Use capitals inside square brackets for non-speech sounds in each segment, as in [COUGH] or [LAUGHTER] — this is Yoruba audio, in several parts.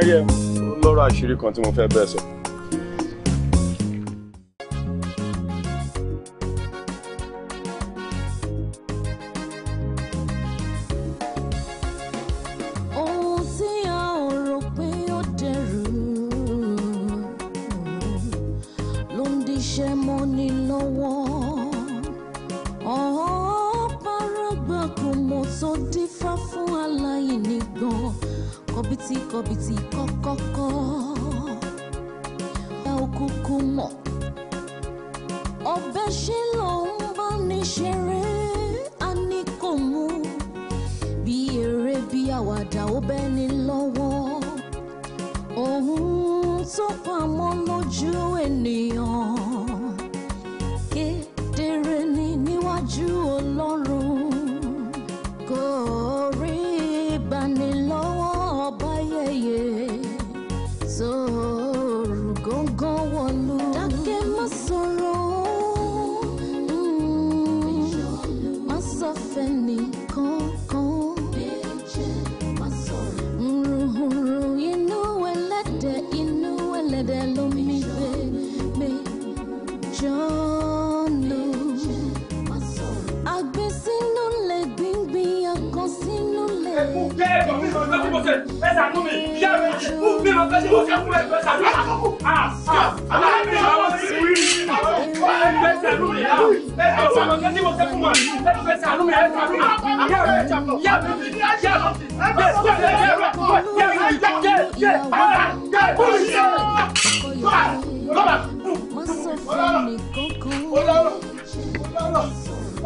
jẹ́ rí ẹ lọ́rọ̀ àṣírí kan tí mo fẹ́ bẹ́ẹ̀ sọ.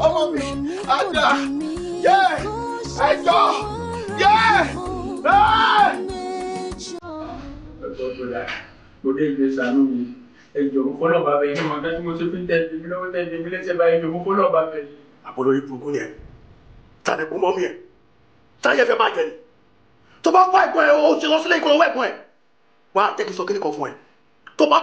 ọmọ mi ada yẹ ẹjọ yẹ ẹ. ẹ̀fọ́ tó dáa kò dé ìgbésà nù mí ẹjọ mo fọlọ bá bẹ yín mo ká tí mo ṣe fi ń tẹ ẹjọ mi lọ́wọ́ tẹ ẹjọ mi lẹ́sẹ̀ báyìí ẹjọ mo fọlọ bá bẹ yín. àbúrò ibùkún yẹn tani kò mọ mi yẹn táyà fẹ máa jẹ ni tó bá wá ẹ̀gbọ́n ẹ o ṣe lọ sílé ìkọlọwọ ẹ̀gbọ́n ẹ wà á jẹ́ kí n sọ kíni kan fún ẹ tó bá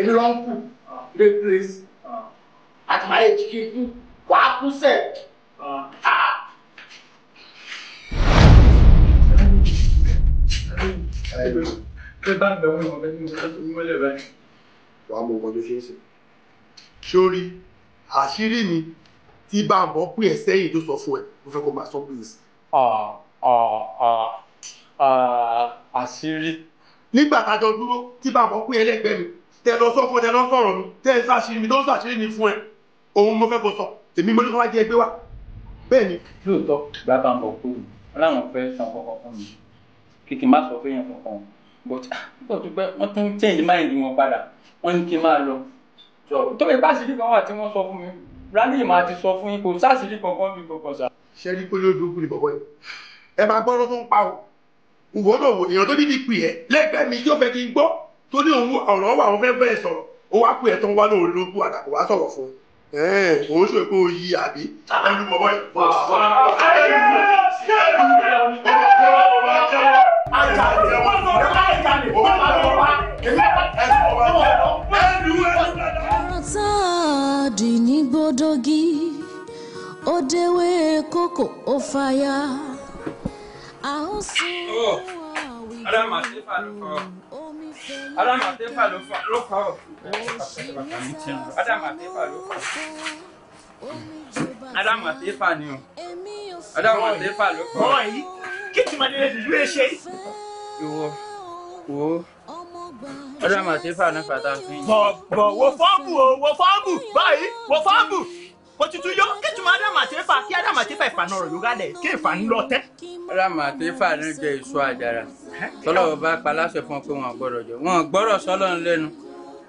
ẹjọ late grace at my age kì í kú wà á kú sẹ̀. wàá mọ ọmọ tó ṣe é sè. sórí àṣírí mi tí bá a mọ̀ pé ẹ sẹ́yìn tó sọ fún ẹ mo fẹ́ kó máa sọ please. àṣírí. nígbà tájọ dúró tí bá a mọ̀ pé ẹlẹ́gbẹ́ mi tẹ lọ sọ fún ẹ tẹ lọ sọ̀rọ̀ mi tẹ ẹ ṣàṣírí mi tó ń ṣàṣírí mi fún ẹ òun mo fẹ́ kó sọ tèmi mo ní kó wá jẹ ẹgbẹ́ wa bẹ́ẹ̀ ni. lóòótọ́ bàbá ń bọ̀ pé wọ́n láwọn fẹ́ san kankan fún mi kí kí n má sọ fún yẹn kankan but bó ti gbẹ wọ́n tún change mind wọn padà wọ́n ní kí n máa lọ tó bẹ bá kan wà tí wọ́n sọ fún mi rálì máa ti sọ fún yín sáṣírí kankan mi kankan sá. ṣe rí pé lójú kùn ní bọ̀bọ̀ ẹ máa gbọ́ lọ́tún pa o ìwọ́n náà wò èèyàn tó ní bí pì ẹ́ lẹ́gbẹ̀ẹ́ mi yóò fẹ́ kí n gbọ́ tó ní òun ọ̀rọ̀ wà wọn fẹ́ bẹ́ẹ̀ sọ̀rọ̀ ó wá pè ẹ́ tán wá lóòrè lókù àdàkọ̀ wá sọ̀rọ̀ fún un òun ṣe pé ó yí àbí. ẹnu ní gbódógì, ó déwé kókò ó fàyà, Adam Atefa ló ni o. Adam Atefa ló fà. Bọ́ọ̀ yìí kí Tìmọ̀dé dùdú ẹ ṣe. Ìwọ wo Adam Atefa ní fàtà fún yìí. Bọ̀ bọ̀ wo fọ́ọ̀mù o wo fọ́ọ̀mù báyìí wo fọ́ọ̀mù òtútù yó kìtùmọ̀ ádámàtẹ́fà kí ádámàtẹ́fà ìfànà ọ̀rọ̀ yorùbá lẹ̀ kí ìfànà lọ tẹ́. ádámàtẹ́fà ní jẹ èso àjàrà tọ́lọ́wọ́ bá pa láṣẹ fún ọ pé wọn gbọ́dọ̀ jẹ wọn gbọ́dọ̀ sọ́lọ́ lẹ́nu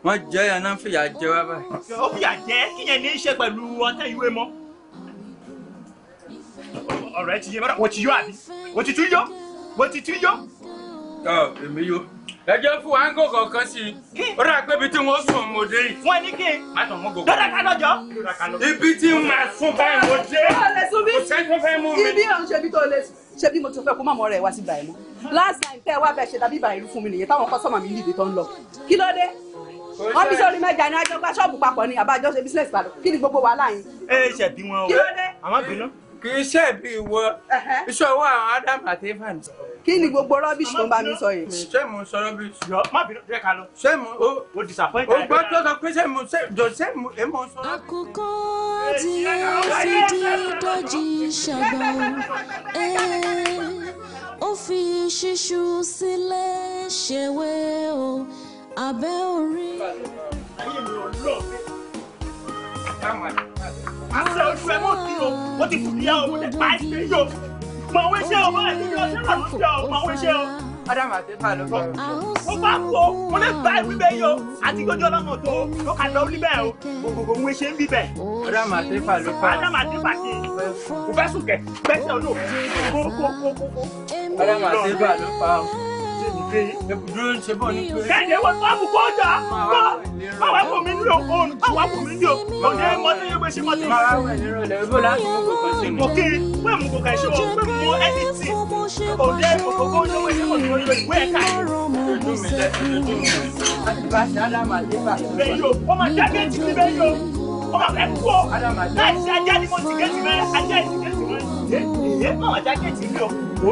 wọn jẹ yẹn náà fìyà jẹ wá báyìí. ó fìyà jẹ kí yẹn ní í ṣe pẹ̀lú ọtẹ ìwé mọ́. ọ̀rọ̀ ẹ ti yé mọ́ra wọ́n ti yó àbí wọ́n ti tún yó wọ́n ti tún yó. ọ èmi ẹjọ́ fún wa ń gò kọ̀ọ̀kan sí i ó rà pé ibi tí wọ́n sùn mo dé yìí. wọ́n ní kí n lọ́dà ká lọ́jọ́. ibi tí n máa sún báyìí mo dé. o lè sùn bí ibi òun ṣe bí tó lè sùn ṣe bí mo ti fẹ́ kó mọ̀mọ́ rẹ̀ wá sí báyìí mọ́. last time tẹ́ ẹ wá bẹ́ẹ̀ ṣe dàbí ìbàrẹ̀ irú fún mi nìyẹn táwọn kọ́sọ́mà mi nídìí tó ń lọ. kí ló dé wọ́n bí sórí mẹ́jà ni àjọ gbá ṣọ́ọ̀bù papọ̀ ni àbájọ ṣe bísíǹsì padà kí kì í ṣe bí ìwọ iṣẹ́ àwọn Adam àti Evan. kí ni gbogbo rọ́bìṣì tó bá mi sọ yìí. ṣé mo sọ rọ́bìṣì. yọ má bínú jẹ́ ká lọ. ṣé mo o o gbọ́ tó sọ pé ṣé mo ṣe jọ ṣé mo ṣe mo sọ. àkókò tí ó sì di dọ́jì ṣàgbọ́n ó fi ṣíṣú sílẹ̀ ṣèwé o abẹ́ orí. ayé mi ò lọ àṣẹ oṣù ẹ mọ̀ sí wọ́n ti fìdí àwọn ọmọdé pa ẹ̀ sí yòó àwọn iṣẹ́ ọmọ ẹ̀ ní ọjọ́ àwọn iṣẹ́ ọmọ àwọn iṣẹ́ ọ. Adam àti ló bọ̀. Ó bá kó mo lè bá ìwé bẹ́ẹ̀ àti gbọ́dọ̀ ọlọ́mọ tó ló kà lọ níbẹ̀ o. Gbogbo òun ṣe ń bíbẹ̀. Adam àti ló fà. Adam àti Efa ti fẹ́ sùn kẹ̀ gbẹ́sẹ̀ olóòfin. Adam àti Efa ló fà pé ẹ̀bùdúró ń ṣe bọ̀ ní pé. kẹ́hìndé wọ́n bá bù kọ́ bọ́ báwa kò mí nílò òun báwa kò mí nílò òun ẹ̀ mọ́ sí ẹgbẹ́ sí mọ́ wẹ̀ ní ìrọ̀lẹ́ ibo láti mú kòkó sí mi. òkè pé mú kòkó ẹ̀ṣẹ̀ mọ́ pé mú ẹni tì òun ẹ̀ kòkó kó ń lówó ẹ̀ṣẹ̀ ìwé ẹ̀ka yìí. ọmọ jákèjì ti bẹ́ẹ̀ yóò ọmọ ẹ kú ọ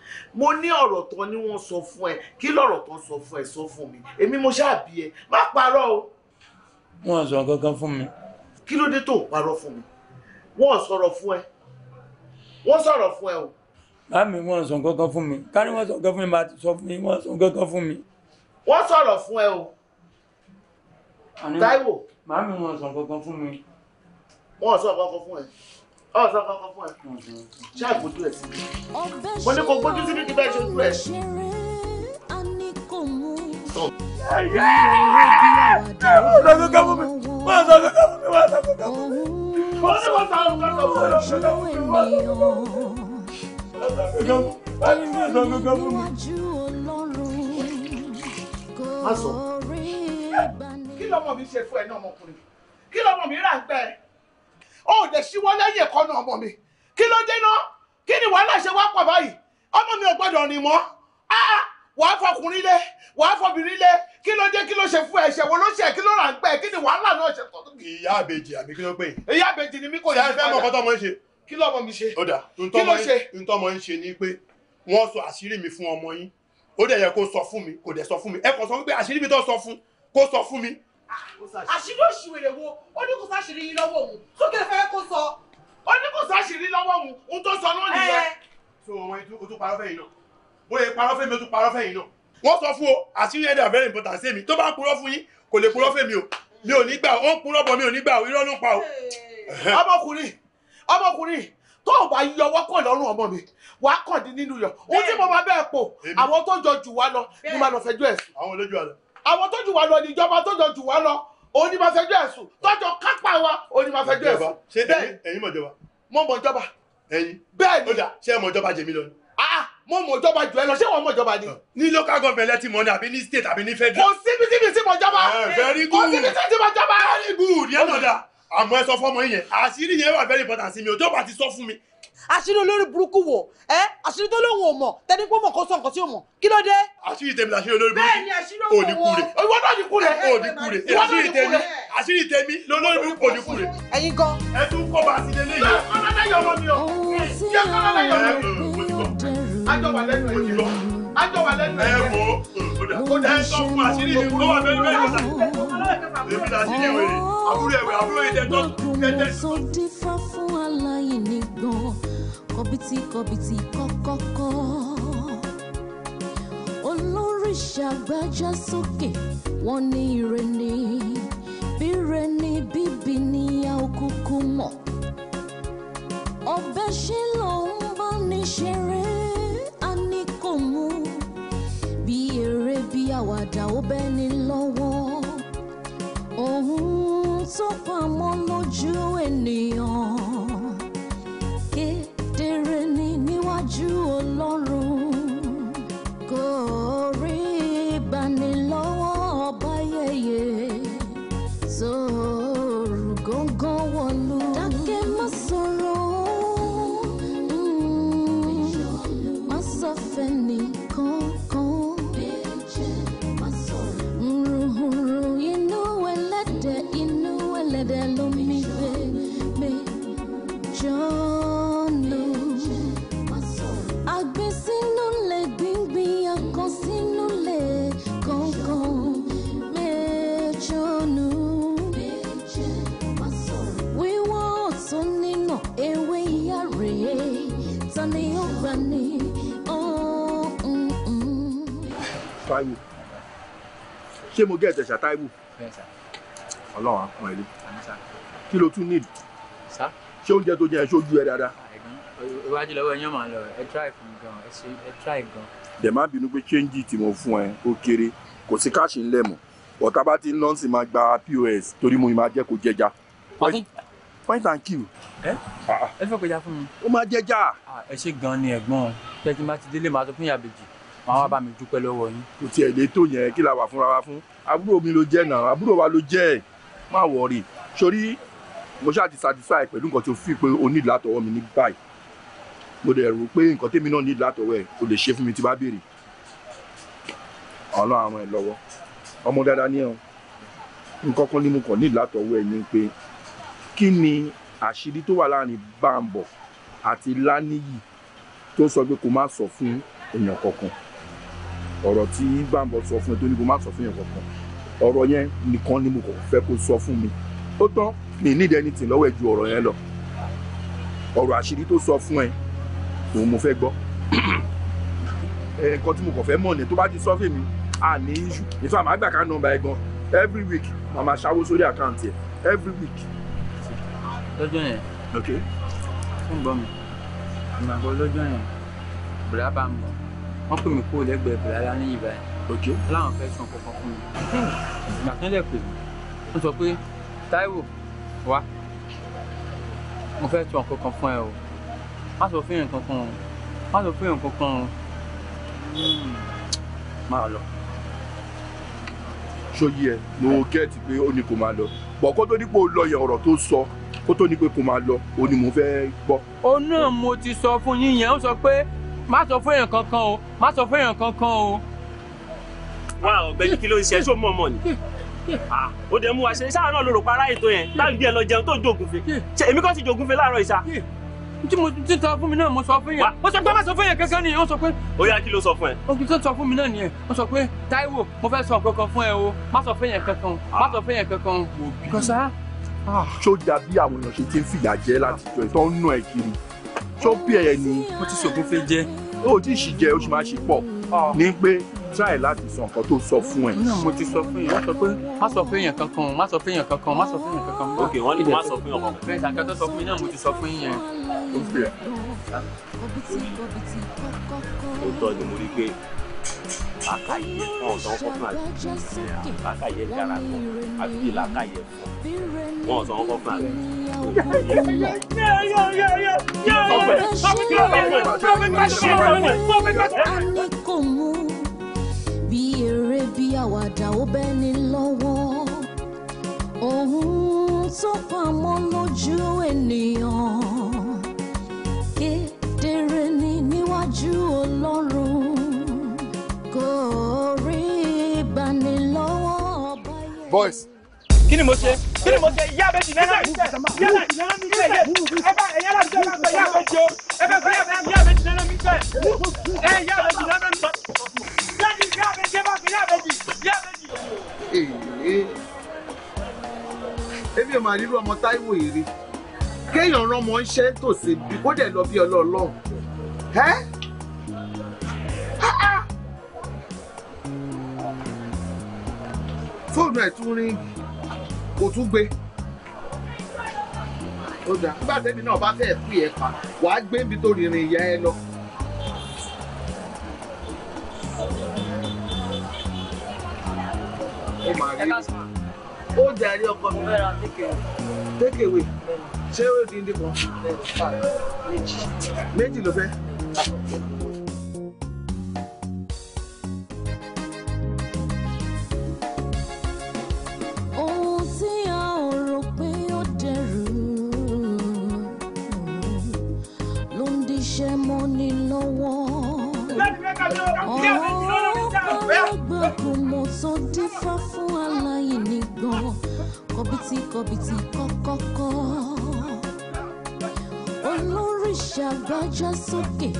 mo ní ọ̀rọ̀ tán ni wọ́n sọ fún ẹ kí lọ̀rọ̀ tán sọ fún ẹ sọ fún mi èmi mo ṣáàbí ẹ má parọ́ o. wọ́n sọ kankan fún mi. kí ló dé tó ń parọ́ fún mi wọ́n sọ̀rọ̀ fún ẹ wọ́n sọ̀rọ̀ fún ẹ o. báàmì wọ́n sọ kankan fún mi kárí wọ́n sọ kankan fún mi máa sọ fún mi wọ́n sọ kankan fún mi. wọ́n sọ̀rọ̀ fún ẹ o. Táíwò. báàmì wọ́n sọ kankan fún mi. wọ́n sọ kankan fún ẹ ọ sọ kankan fún ẹ ṣé àgbójú ẹ sí mo ní kò gbójú sí níbi bẹ́ẹ̀ ṣe ojú ẹ. Wọ́n sọ kankan fún mi, wọ́n sọ kankan fún mi, wọ́n sọ kankan fún mi. Wọ́n ní wọ́n sọ kankan fún mi, wọ́n sọ kankan fún mi, wọ́n sọ kankan fún mi. Má sọ. Kí lọmọ mi ṣe fún ẹ náà ọmọkùnrin? Kí lọmọ mi rà ń pẹ́? ó dẹ̀ ṣíwọ́ lẹ́yìn ẹ̀kọ́ náà ọmọ mi kí ló dé náà kí ni wàhálà ṣe wá pọ̀ báyìí ọmọ mi ò gbọ́dọ̀ rìn mọ́ áá wàá fọkùnrin lé wàá fọbìnrin lé kí ló dé kí ló ṣe fún ẹ̀ṣẹ̀ wo ló ṣe kí ló rà ń pẹ́ kí ni wàhálà náà ṣe tọ́tù. ìyá àbèjì àbí kí ló pè é. ìyá àbèjì ni mí kò yá fẹ́ mọ̀ kọ́tọ́ ọmọ ń ṣe. kí lọ́mọ mi ṣe. ó dà ntọ́mọ ń ṣe ni pé wọ́n sọ àṣírí mi fún ọmọ yín ó dẹ̀ yẹ kó sọ fún mi kò dẹ̀ sọ fún mi ẹ kò sọ àṣírí òṣìwèrè wo ó ní kò sáṣìírí yín lọ́wọ́ òun sókè fẹ́ kó sọ. ó ní kò sáṣìírí lọ́wọ́ òun ohun tó sọ náà nìyẹn. so wọn o tún parọ́ fẹ́yìn náà bóyá parọ́ fẹ́mi o tún parọ́ fẹ́yìn náà. wọ́n sọ fún o àṣírí ẹ̀dá very important sí mi tó bá ń purọ́ fún yín kò lè purọ́ fẹ́mi o mi ò ní gbà ó ń purọ́ bọ̀ mi ò ní gbà irọ́ ló ń pa o. ọmọkùnrin ọmọkùnrin tó o bá yọwọ́ kàn lọ́rùn ọmọ mi wàá kàn dín nínú yọ ohun tí mo máa bẹ́ẹ̀ pò àwọn tó jọ jù wá lọ ni màá lọ fẹjọ́ ẹ̀sùn. àwọn olójú àlọ́ àwọn tó jù wá lọ ní ìjọba tó jọ jù wá lọ òun ni máa fẹjọ́ ẹ̀sùn tọ́jọ́ kápá wa òun ni máa fẹjọ́ ẹ̀sùn. ṣé bẹ́ẹ̀ ẹ̀yin mọ̀ jọba. mo mọ̀ jọba. ẹ̀yin bẹ́ẹ̀ ni. ó dà ṣé ẹ mọ̀ jọba jèmi lọ ni. ah mo mọ̀ jọba jù ẹ lọ ṣé wọn mọ̀ jọba ni. Ah, ní local government lẹ́tì mọ́ ni àbí ní state àbí ní federal. kò síbi síbi ah, sí mọ̀ jọba. very good kò síbi síbi sí mọ̀ jọba. very good yẹn lọ dà àmọ́ ẹ sọ fọ́mọ yẹn àṣírí yẹn wà very important sí mi òjò bá ti sọ fún mi àṣírí olórí burúkú wò ẹ àṣírí tó lóun ò mọ̀ tẹni pé mọ̀ kó sọ nǹkan tí ò mọ̀ kí ló dé. àṣírí tèmi làṣírí olórí burúkú bẹ́ẹ̀ni àṣírí òun wọn ìwọ náà ní kúrè ó ní kúrè àṣírí tèmi àṣírí tèmi lolórí burúkú ò ní kúrè. ẹ̀yin gan. ẹ tún kọ́ bá a sí lélẹ́yìn. ṣé kọ́lá náà yọ̀ wọ́n mi o ṣé kọ́lá náà yọ̀ wọ́n mi o ajọ wà lẹnu ẹ wò ó dà ẹ sọ fún àṣírí mi kó wà bẹ́ẹ̀ bẹ́ẹ̀ kọsà èmi là sí ìwé àbúrò ẹwẹ aláìní gan kọbítí kọbítí kọ́kọ́kọ́ olóríṣà gbájá sókè wọ́n ní ire ni bíre ni bíbí ni a ò kúkú mọ̀ ọbẹ̀ ṣe ló ń bá ní ṣeré a ní kò mú bí eré bí àwàdà ó bẹ́ ni lọ́wọ́ ohun tó pamọ́ lójú ènìyàn. ojú Ọlọ́run. ṣé mo gẹ̀ẹ́tẹ̀ ṣàtàìwò. ọlọ́run akun ẹ̀ lé kí ló tún need. ṣé oúnjẹ tó jẹ ẹ ṣojú ẹ dáadáa. Ah, iwájú lọ́wọ́ ẹ̀yán máa lọ ẹ try fún gan ẹ try gan. dẹ̀ má bínú pé ṣéǹjì tí mo fún ẹ ó kéré kò sí káàṣì ńlẹ̀ mọ́ ọ̀tá bá ti ń lọ́ọ̀sì máa gba pos torí mo máa jẹ́ kó jẹja. point and kill. Eh? Ah, ah. ẹ fẹ́ kọjá fún mi. ó máa jẹja. ẹ ṣe gan ni ẹ̀gbọ́n pé tí n bá ti délé màá sọ fún ìyá bèjì máa wá bá mi dúpẹ́ lọ́wọ́ yín. kò tiẹ̀ lè tó yẹn kí la wà fúnra wa fún àbúrò mi ló jẹ́ náà àbúrò wa ló jẹ́ ẹ̀ má wọ̀ọ̀rì sórí mo ṣáà ti satisfy pẹ̀lú nǹkan tí o fi pé o ní látọwọ́ mi ní báyìí mo dẹ̀ rò pé nǹkan tèmi náà ní látọwọ́ ẹ̀ o lè ṣe fún mi tí bá béèrè ọ̀nà àwọn ẹ̀ lọ́wọ́ ọmọ dáadáa ní ẹ̀hún nǹkan kan ní mo kàn ní látọwọ́ ẹ̀ ni pé kí ni àṣírí tó wà láàrin Bámbọ̀ àti Láníyì tó sọ pé kó má sọ fún èèyàn kankan ọ̀rọ̀ tí Gbàǹbọ̀ sọ fún ẹ tó ní kó má sọ fún yẹn kankan ọ̀rọ̀ yẹn nìkan ni mo kàn fẹ́ kó sọ fún mi ó tán mi need anything lọ́wọ́ ẹ ju ọ̀rọ̀ yẹn lọ ọ̀rọ̀ àṣírí tó sọ fún ẹ òun mo fẹ́ gbọ́ [CLEARS THROAT] eh, nǹkan tí mo kàn fẹ́ mọ̀ ni tó bá ti sọ fún mi à ní iṣu ìfọ àmọ́ àgbà kan nọ́mbà ẹ gan every week màá máa ṣàwó sórí àkáǹtì ẹ every week. lọ́jọ́ yẹn. ok. fún bọ́ mi ìmàgbọ́ lọ́jọ́ yẹn bùrá bá ń bọ̀ wọ́n pè mí kúrò lẹ́gbẹ̀ẹ́ bẹ̀rẹ̀ alá ní ìbá òjò láwọn fẹ́ san kankan fún mi hmm, ìgbà kan lẹ̀ pè mí wọ́n sọ pé Táíwò wá mo fẹ́ san kankan fún ẹ o má sọ fún yẹn kankan o má sọ fún yẹn kankan o hmm, máa lọ. sóyí ẹ ló gẹ́ẹ̀tì pé ó ní kó máa lọ bọ̀ kó tó dípò lọ yẹn ọ̀rọ̀ tó sọ kó tó ní pé kó máa lọ òun ni mo fẹ́ gbọ́. òun náà mo ti sọ fún yín yẹn ó sọ pé má sọ fún èèyàn kankan o má sọ fún èèyàn kankan o. wá ọ̀gbẹ́ni kí ló ń ṣe ṣó mọ ọmọ ni [LAUGHS] ah, ó dẹ̀ mú wa ṣe sáà náà ló rò para ètò yẹn láì bí ẹ lọ jẹun tó jogun fe ṣe èmi kàn ti jogun fe láàárọ̀ ìṣá. tí mo ti sọ fún mi náà mo sọ fún yẹn mo sọ pé má sọ fún yẹn kankan nìyẹn ó sọ pé. ó yá kí ló sọ fún ẹ. ogun tó sọ fún mi náà nìyẹn ó sọ pé Táíwò mo fẹ́ sọ nǹkan kan fún ẹ o má sọ fún yẹn kankan má sọ fún yẹn kankan. kọ́sá. sójà ah, ah. bí àwọn èèyàn ṣe ti ń fìyà jẹ látijọ́ ìtọ́ ń nà kiri ṣó bí ẹ̀ ni. mo ti sògùn fẹ́ jẹ́ ó ti ṣì jẹ ó sì máa ṣì pọ̀ ní pé try láti sọ nǹkan tó sọ fún ẹ. mo ti sọ fún yẹn wọ́n sọ pé ma sọ fún èèyàn kankan má sọ fún èèyàn kankan má sọ fún èèyàn kankan. ok wọ́n ní má sọ fún ọkàn. bẹ́ẹ̀ ṣàkẹ́ tó sọ fún mi mo ti sọ fún yẹn. ó tọ́ ni mo rí pé làákàyè fún ọ̀sán kọ́fún àti làákàyè dára kan àti làákàyè fún ọ̀sán kọ́fún àti. Bí eré bí àwàdà ó bẹ́ lọ́wọ́, ohun tó pamọ́ lójú ènìyàn, kedere ni níwájú Ọlọ́run. boys. kí ni mo ṣe kí ni mo ṣe yá bẹ́ẹ̀ ti náírà mi sẹ́ yá bẹ́ẹ̀ ti náírà mi sẹ́ ẹ bá ẹ̀yà láti sẹ́ bá yá bẹ́ẹ̀ o ẹ bẹ́ẹ̀ fẹ́ yá bẹ́ẹ̀ ti náírà mi sẹ́ ẹ yá bẹ́ẹ̀ ti mi sẹ́ yá bẹ́ẹ̀ ti yá bẹ́ẹ̀ ti yá bẹ́ẹ̀ ti yá bẹ́ẹ̀ ti. èmi ọmọ Táíwò èrè kéèyàn rán ọmọ iṣẹ́ tòsí bí kó dẹ̀ lọ bí ọlọ́ọ̀lọ́hùn ẹ́ fóònù ẹ̀ tún ríngì kò tún gbé ó dà nígbà tẹ́mi náà bá fẹ́ẹ̀ pè ẹ́ pa wàá gbé ibi tó rìnrìn ìyá ẹ lọ. ó máa rí ó jàre ọkọ mi tékèwé ṣé ó di ndí kan méjì ló fẹ́. 做给。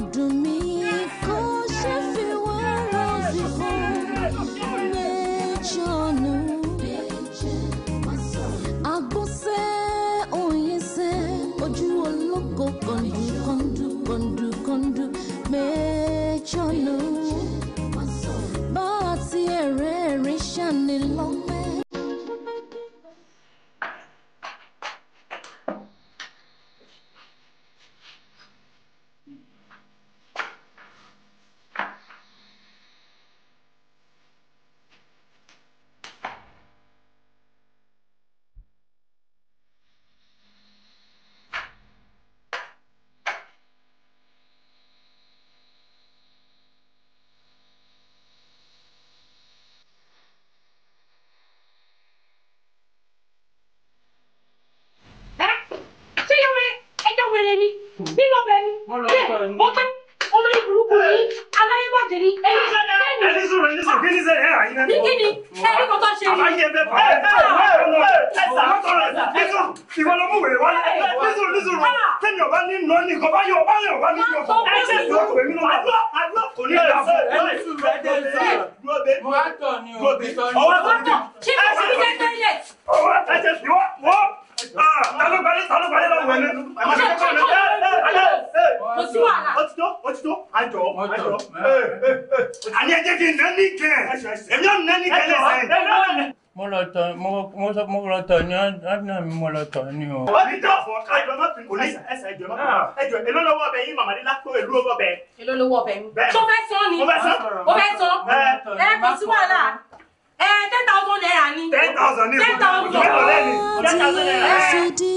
嗯。sọ̀rọ̀ ni. olórí burúkú yìí aláyébàjẹ́ ni ẹni sọ̀rọ̀ ẹni sọ̀rọ̀ ẹni sọ̀rọ̀ ẹni sọ̀rọ̀ ẹni sọ̀rọ̀ ní kíni ẹni kò tó ṣe ni. àbáyé bẹ bá ẹ bẹ bá ẹ lọ ẹ sà á sọ̀rọ̀ ẹ sà ẹ sọ ìwọ ló mú wèrè wá ní sọ̀rọ̀ ní sọ̀rọ̀ tẹmí ọba ní nọ ní kọ bá yọ ọba yọ ọba ní yọ kọ ẹ ṣe ìwọ kò mí lọ àdúrà àdúrà kò ní ìlà fún ẹ lọ sí ìwé ẹdẹ sọ̀rọ̀ dúró bẹ dúró bẹ ọwọ́ tó ti alógbálẹ̀ alógbálẹ̀ lọ́wọ́ ẹni. Mo ti wà lá. Ó ti tó ó ti tó àjọ àjọ. Àní ẹ jẹ́ kí n nà ní kẹ́ ẹ̀. Èmi ò nà ní kẹ́lẹ́ sẹ́yìn. Mo lọ tọ̀ mo mo sọ mo lọ tọ̀ ní ọ̀nà mi mo lọ tọ̀ ní o. Ó ti tó àjọ má fi kòlí ẹsẹ̀ ẹjọ́ má ẹjọ́ èló lọ́wọ́ ọbẹ̀ yín màmá nílá tó èló lọ́wọ́ ọbẹ̀. Èló lọ́wọ́ ọbẹ̀ mi. Tó fẹ́ sọ ni. Mo fẹ́ sọ. Mo fẹ́ sọ. Ẹ kò sí wàhálà ten thousand naira ni. ten thousand ni. ten thousand. ten thousand naira. Eh.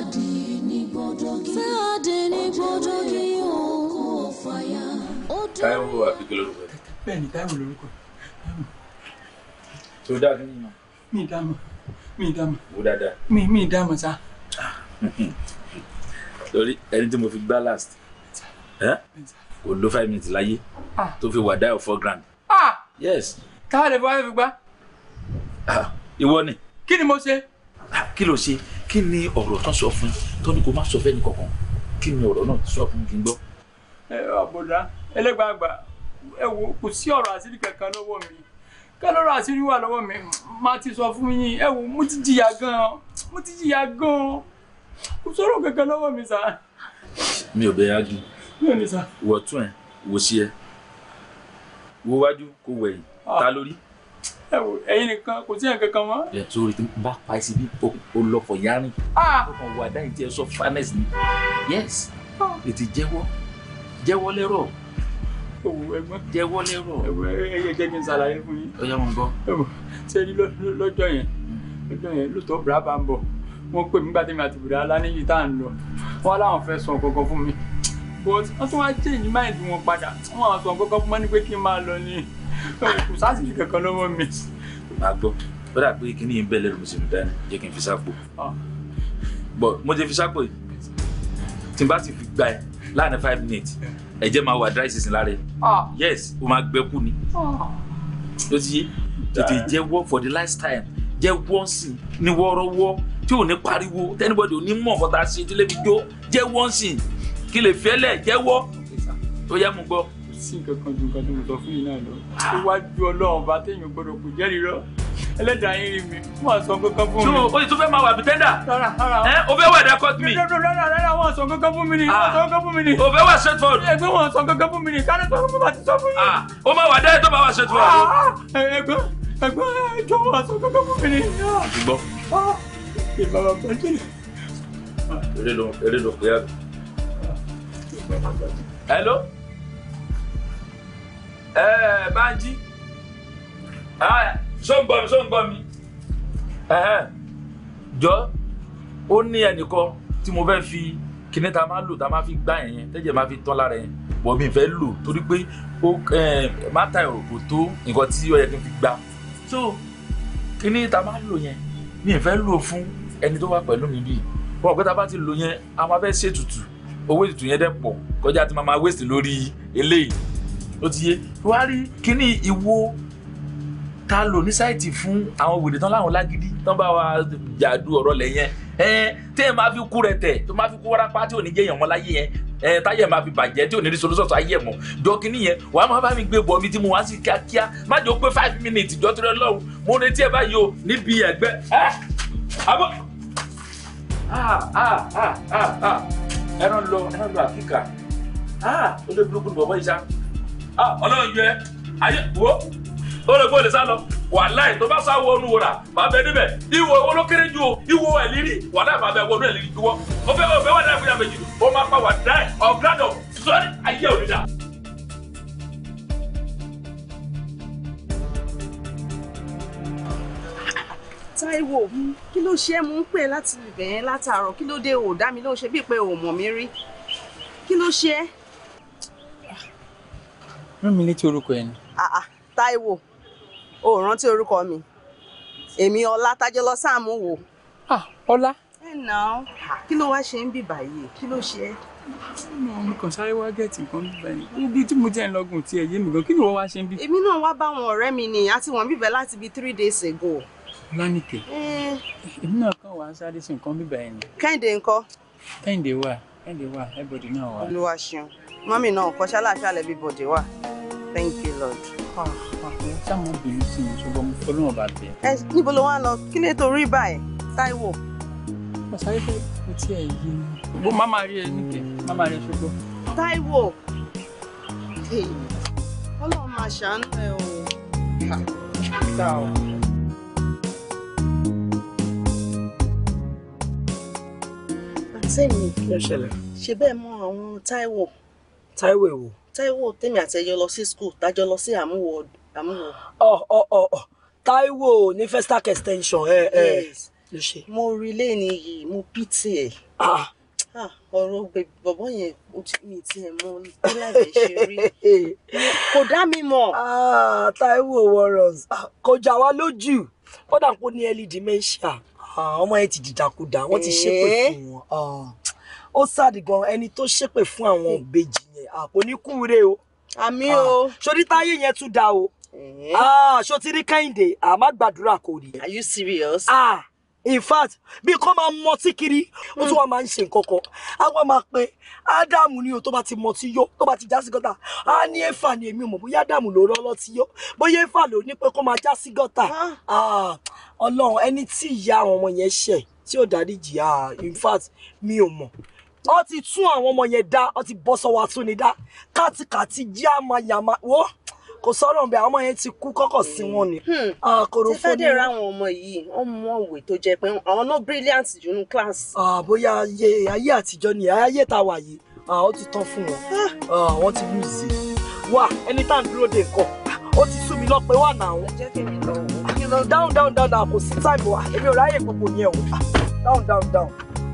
Táíwò àbíkẹ́ lórúkọ rẹ̀. bẹ́ẹ̀ ni Táíwò lórúkọ Táíwò. tó dáa kí ni mọ. mi ì dáa mọ mi ì dáa mọ. wò dáadáa. mi mi ì dáa mọ sá. torí ẹni tí mo fi gbá last kò ló five minutes láyé tó fi wà dáyọ̀ four grand. yes. táwa lè fi wá fi gbá. ìwọ ni. kí ni mo ṣe. kí ló ṣe kí ni ọ̀rọ̀ tó sọ fún tó ní kó má sọ fẹ́ni kankan kí ni ọ̀rọ̀ náà sọ fún kí n gbọ́. ẹ ọ bọ̀dá ẹlẹ́gbàgbà ẹ wo kò sí ọ̀rọ̀ àṣírí kankan lọ́wọ́ mi kẹ́lọ́rọ̀ àṣírí wà lọ́wọ́ mi má ti sọ fún yín ẹ wo mo ti jìyà gan-an mo ti jìyà gan-an kò sọ̀rọ̀ kankan lọ́wọ́ mi sá. mi ò bẹ yági wọ tún ẹ wò sí ẹ wo wájú kó wẹ̀yìn ah. ta lórí. ẹ wo ẹ̀yin nìkan kò sí ẹ̀kan kan mọ́. ẹ sori tí bá pa ẹsẹ bí o lọ fọ yarin. o ah! kàn wà dáhìn ni yes ah. ètì jẹ́wọ́ jẹ́wọ́ lẹ́rọ̀ owó ẹgbọn. jẹ́wọ́ lérò. ẹyẹ jẹ́ kí n ṣàlàyé fún yín. ó yẹ mo gbọ́. sẹ́ni lọ́jọ́ yẹn lọ́jọ́ yẹn lóòótọ́ bùrá bá ń bọ̀ wọ́n pè mí gbàdémi àti bùrá aláníyì tá à ń lọ wọ́n láwọn fẹ́ sọ kankan fún mi but wọ́n tún wáá change mind wọn padà wọ́n àwọn sọ kankan fún mọ́ni pé kí n máa lọ ní kò sásìkò kankan lọ́wọ́ mi. màá gbọ́ ó dà pé kí ni yín bẹ́ẹ̀ lẹ́nu mo sì fi sápò ah. bọ̀ láàrin five minutes ẹ̀jẹ̀ máa wà dry season lára ah. ẹ̀ yes o máa gbẹ́kú ni ló ah. ti yé tètè ah. jẹ́wọ́ for the last time jẹ́wọ́ sí ní wọ́ọ́rọ́wọ́ tí ò ní pariwo tẹ́nibọ́dì ò ní mọ̀ ọ̀kọ́ta sí tí lè fi jó jẹ́wọ́ sí kí lè fẹ́lẹ̀ jẹ́wọ́ ó yẹ mú gbọ́. sí nǹkan kan ju nǹkan tó ń sọ fún yìí náà lọ síwájú ọlọ́run bá téèyàn gbọ́dọ̀ kò jẹ́rìí rọ́ ẹlẹ́dàá yín rí mi wọ́n sọ kankan fún mi. o tún fẹ́ máa wà bìtẹ́ndà. rárá rárá o fẹ́ wà ẹ̀dá court mi. rárá rárá wọ́n sọ kankan fún mi ni wọ́n kankan fún mi ni. o fẹ́ wà straight ẹgbẹ́ wọ́n sọ kankan fún mi ni kárí sọ fún mi àti sọ fún yín. Ah, o máa wà dá tó máa wà straight ah, ah, ẹgbẹ́ ẹgbẹ́ ẹjọ́ wọ́n sọ kankan fún mi ni. àtìgbọ́. ìbára sọ́ǹgbọ́ mi sọ́ǹgbọ́ mi jọ ó ní ẹnìkan tí mo fẹ́ fi kíní ta máa lò ta máa fi gbá yẹn tẹ́jẹ̀ máa fi tán lára yẹn bọ̀ mi fẹ́ lò torí pé má ta ìròkò tó nǹkan tí ó yẹ kí n fi gbá so kíní ta máa lò yẹn mi fẹ́ lò fún ẹni tó wà pẹ̀lú mi bíi wọn kọ́ta bá ti lò yẹn a máa fẹ́ ṣètùtù owó ètùtù yẹn dẹ̀ pọ̀ kọjá tí màá máa wéṣì lórí eléyìí ó ti yé wá rí kíní ìwo ká lò ní sáìtì fún àwọn wèrè tán láwọn lágídí tán bá wa jàdú ọ̀rọ̀ lẹ̀ yẹn tí ẹ máa fi kú rẹ tẹ̀ tó máa fi kú wárápá tí ò ní jẹ́yàn wọn láyé yẹn táyà máa fi bàjẹ́ tí ò ní rí solúsọ̀tọ̀ ayé mọ̀ dọ́kí nìyẹn wàá máa bá mi gbé bọ̀ mi tí mo wá sí kíákíá má jọ pé five minutes jọ tó rẹ lọ́wọ́ mo retí ẹ báyìí o níbi ẹ̀gbẹ́ abọ́ ẹran lọ ẹran lọ àkíkà ó lé burúkú bọ̀bọ̀ yìí sá ọlọ́run yọ ẹ ayé wo ó lè gbọ́dọ̀ sá lọ wàláì tó bá sá wọ inú wòrà máa bẹ níbẹ̀ ìwọ owó ló kéré ju o ìwọ ẹ̀ lírí wàláì máa bẹ wọnú ẹ̀ lírí ju ó fẹ́ wọ́n fẹ́ wà méjì ó máa pa wà ọ̀gádọ̀ sọ́ọ́ni ayé òní dà. kí ló ṣe é mú ń pè láti ibẹ̀ látàárọ̀ kí ló dé ò dá mi ló ṣe bíi pé ò mọ̀ mí rí kí ló ṣe é. rán mi létí orúkọ ẹ ni. Ah, ah, o ò rántí orúkọ mi èmi ọlá tájọlọ sáàmù wò. ọlá. ẹ nà án kí ló wáá ṣe ń bì báyìí kí ló ṣe é. mo kàn sáré wá gẹ̀ẹ́tì nǹkan bíbá ni ibi tí mo jẹ́ ńlọgùn tí ẹ yé mi gan kí ni wọ́n wá ṣe ń bì. èmi náà wá bá àwọn ọ̀rẹ́ mi ni àti wọ́n bíbẹ̀ láti bíi three days ago. lánìkè eh. èmi náà kàn wá sáré sí nǹkan bíbá yẹn ni. kẹ́hìndé ńkọ́. kẹ́hìndé wà kẹ́hìndé wà everybody náà wà. olúwa ṣeun mọ́mì náà kọ́ ṣáláṣálẹ̀ bíbọ̀dé wà. Thank you, Lord. Sáwọn obìnrin sì ni ṣùgbọ́n mo fọ́ lóhùn bá bẹ̀. Ẹ níbo ni ètò rí báyìí? Táíwò. Mo sáré pé mo ti ẹ̀ yé mi. Bó má máa rí ẹ níkẹ́, má máa rí ẹ ṣogbó. Táíwò. Ọlọ́run máa ṣàánú ẹ o. Ṣá o. bẹ́ẹ̀ mọ àwọn Táíwò? Táíwò èwo? Táíwò tèmi àtẹ̀yọ lọ sí school tájọ lọ sí àmúwò. ọ ọ ọ ọ Táíwò ní festac extension ẹ ẹ ló ṣe. mo rí lẹ́ni yìí mo pìtì ẹ̀ ah. Ah, ọ̀rọ̀ bọ̀bọ̀ yẹn mi ti ẹ̀ mọ láìpẹ́ ṣe rí kò dá mi mọ̀. Ah, Táíwò warrants kò jà wá lójú ó dà kó ní early dementia ọmọ yẹn ti dìdàkudà wọ́n ti ṣépè fún eh? wọn ó sáàdì gan ẹni tó ṣépè fún àwọn hmm. ìbejì yẹn àkóníkùnre o àmì o sórí táyé yẹn tún da o eh. ṣó ti rí kẹ́hìndé àmọ́ gbàdúrà kò rí. are you serious. Ah, in fact bí kò máa mọtí kiri ó tún hmm. wá máa ń ṣe nǹkan kan á wá máa pe ádámù ni o tó bá ti mọtí yó tó bá ti já sí gọ́tà á ní éfà ni èmi ò mọ̀ bóyá ádámù ló rọ́ ọlọ́tí yó bóyá éfà ló ní pé kó máa já sí gọ́tà ọlọ́run ẹni tí ìyá àwọn ọmọ yẹn ṣẹ̀ tí ò dáríjì in fact mi ò mọ̀ ọ ti tún àwọn ọmọ yẹn dá ọ ti bọ́ sọ́wọ́ àtúnidá kátikàti yámayàmá wọ́n kò sọ̀rọ̀ bí àwọn ọmọ yẹn ti kú kọ́kọ́ sí wọn ni. Hmm. ti fẹ́ dé ra àwọn ọmọ yìí wọ́n mú òwe tó jẹ́ pé àwọn náà brilliant jù ní kíláàsì. bóyá ayé ayé àtijọ́ ni ayé tá a wà yìí ó ti tán fún wọn ah. wọ́n ti lùzì wá ẹni tá à ń dúró de nǹkan ó ti sú mi lọ́pẹ́ wà náà. ẹ jẹ́ kí èmi lọ wò ó. dáhùn dáhùn dáhùn kò sí táìmù wa èmi ò ráyè gbogbo yẹn o dáhùn dáhùn dáhùn.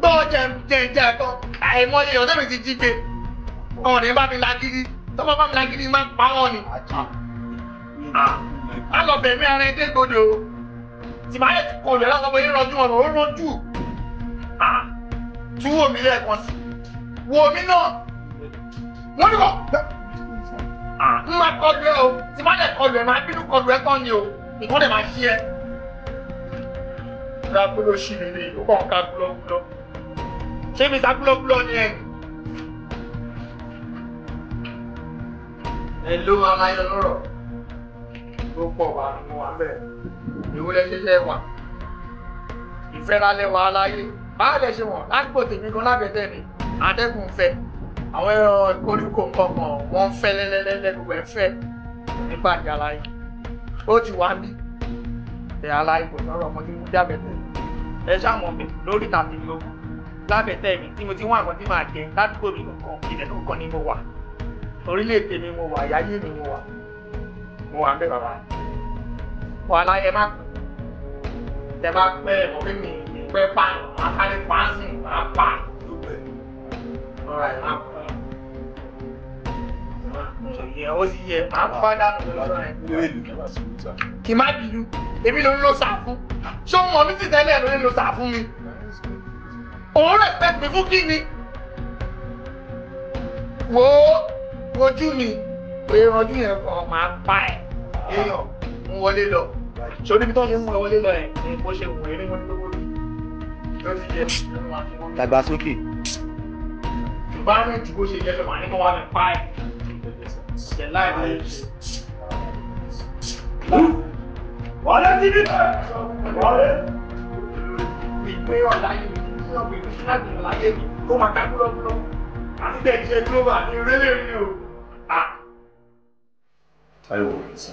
gbọ́ jẹ̀ǹjẹ̀ kan àìmọye ọ̀dọ́ mi ti jí gbé wọn ní bá mi lágídí tọ́pọ̀ bá mi lágídí máa ń pa wọn ni. a lọ bẹ̀mí ara ẹdẹ gbọdọ̀ o tí màá yẹ kó lè lọ́sọ̀ pé rọjú ọ̀nà ó rọjú tú wò mí lẹ́ẹ̀kan sí wò mí náà wọ́n ní kọ́ n máa kọlu ẹ o tí màá lẹ̀ kọlu ẹ máa bínú kọlu ẹ tán ni o nǹkan lè máa ṣí ẹ. Ìdá gbọ́dọ̀ ṣì nílé ìlú kọ̀ọ̀kan gbọ́dọ̀ gbọ́dọ̀ ṣé mi ta gbúlọ́gbúlọ́ ni ẹ. ẹ ló alayọ lọ́rọ̀ tó pọ̀ wá mo wà bẹ́ẹ̀ ìwúlẹ̀ ṣiṣẹ́ wà ìfẹ́ralẹ̀ wà láyé báà lẹ ṣe wọ̀n lásìkò tèmi gan lábẹ́tẹ̀ ni àtẹ́kùn fẹ́ àwọn ẹran koríko kọ̀ọ̀kan wọ́n ń fẹ́ lẹ́lẹ́lẹ́lẹ́ gbogbo ẹ̀ fẹ́ nípa ìyá aláyé ó ti wá mí ìyá aláyé kò lọ́rọ̀ ọmọdé mú jábẹ́tẹ̀ ẹ ṣàmọ̀ mi lórí tàbí yòókù lábẹ́tẹ̀ mi tí mo ti wá nǹkan tí màá jẹ ládùúgbò mi nìkan ilẹ̀ tó kàn ní mo wà orílẹ̀-èdè mi mo wà yáyé mi mo wà mo wà ń bẹ bàbá wàhálà ẹ má tẹ bá pẹ́ ẹ̀mọ́ pé mi ìpẹ́ pààyàn àkàlẹ̀ pàǹsìn máa pa lópẹ́ ọ̀rọ̀ ẹ̀ má pa ó sì yẹ máa pa dànù kì má bínú èmi ló ń lo sàá fún ṣé òun mọ̀ sì tẹ́lẹ̀ ló ń lo sàá fún mi òun respect mi fún kí ni wo wojú mi pé ìrànjú yẹn kọ máa pa ẹ èèyàn ń wọlé lọ ṣé o níbi tó ṣe ń wọ wọlé lọ ẹ ní bó ṣe wù ẹ ní wọn ní gbogbo mi. dàgbàsókè. ṣùgbọ́n àmì ìdìbò ṣe jẹ́ lọ́wọ́ àní kó wà ní pa ẹ̀ ṣe láì ní wọlé síbí. wọlé. ìpín ọ̀la yìí ọkùnrin sí láti rìn láyé mi kó máa ká gúlọ́gúlọ́ àti tẹ̀ ṣe gúlọ́bà ní orílẹ̀ mi o. Táíwò sá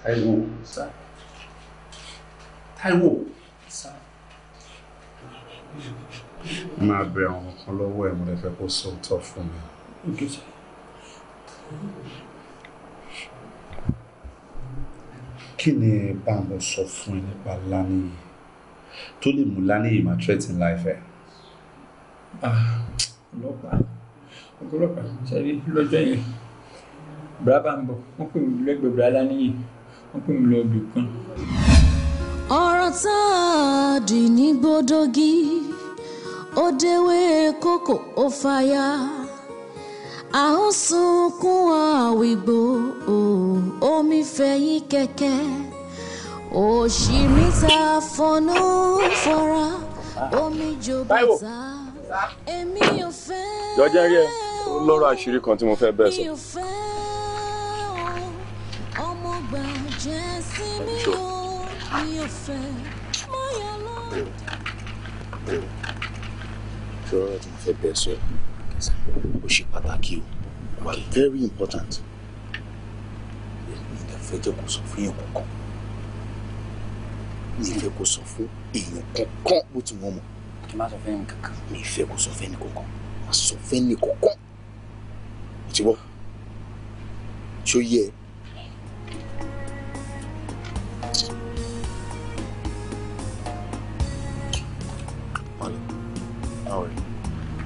Táíwò sá Táíwò sá. máa bẹ àwọn kan lọ́wọ́ ẹ̀ mo lè fẹ́ kó sọ̀tọ̀ fún mi. kí ni báwo sọ fún ẹ nípa lánìí? tó lè mú lánìyàn máa threaten life ẹ. Ah, ọlọ́pàá ọgọ́lọ́pàá ṣẹ́rí lọ́jọ́ yẹn bùrábà ń bọ̀ wọ́n pè mí lẹ́gbẹ̀ẹ́ bùrá lánìyàn wọ́n pè mí lọ ibì kan. ọ̀rọ̀ tá a dì ní bọ́dọ́gí ó déwé kókò ó fàyà à ń sunkún àwìgbò omi fẹ̀yìn kẹ̀kẹ́ òṣì mi ta fọnú fọra omi jò bàtà èmi ò fẹ́. jọjẹ rí ẹ lọ́rọ̀ àṣírí kan tí mo fẹ́ bẹ́ẹ̀ sọ. mi ò fẹ́ ọmọ gbàjẹ́ sí mi ò mi ò fẹ́ mọ́ yà lọ. lọ́rọ̀ tí mo fẹ́ bẹ́ẹ̀ sọ ó ṣe pàtàkì o wà very important. mi ò fẹ́ jẹ́ kó sọ fún yẹn kankan mi ìfẹ́ kò sọ fún èèyàn kankan bó ti wọ́n mọ̀. kí n má sọ fẹ́ni kankan. mi ìfẹ́ kò sọ fẹ́ni kankan má sọ fẹ́ni kankan. o ti bọ́ ṣé o yẹ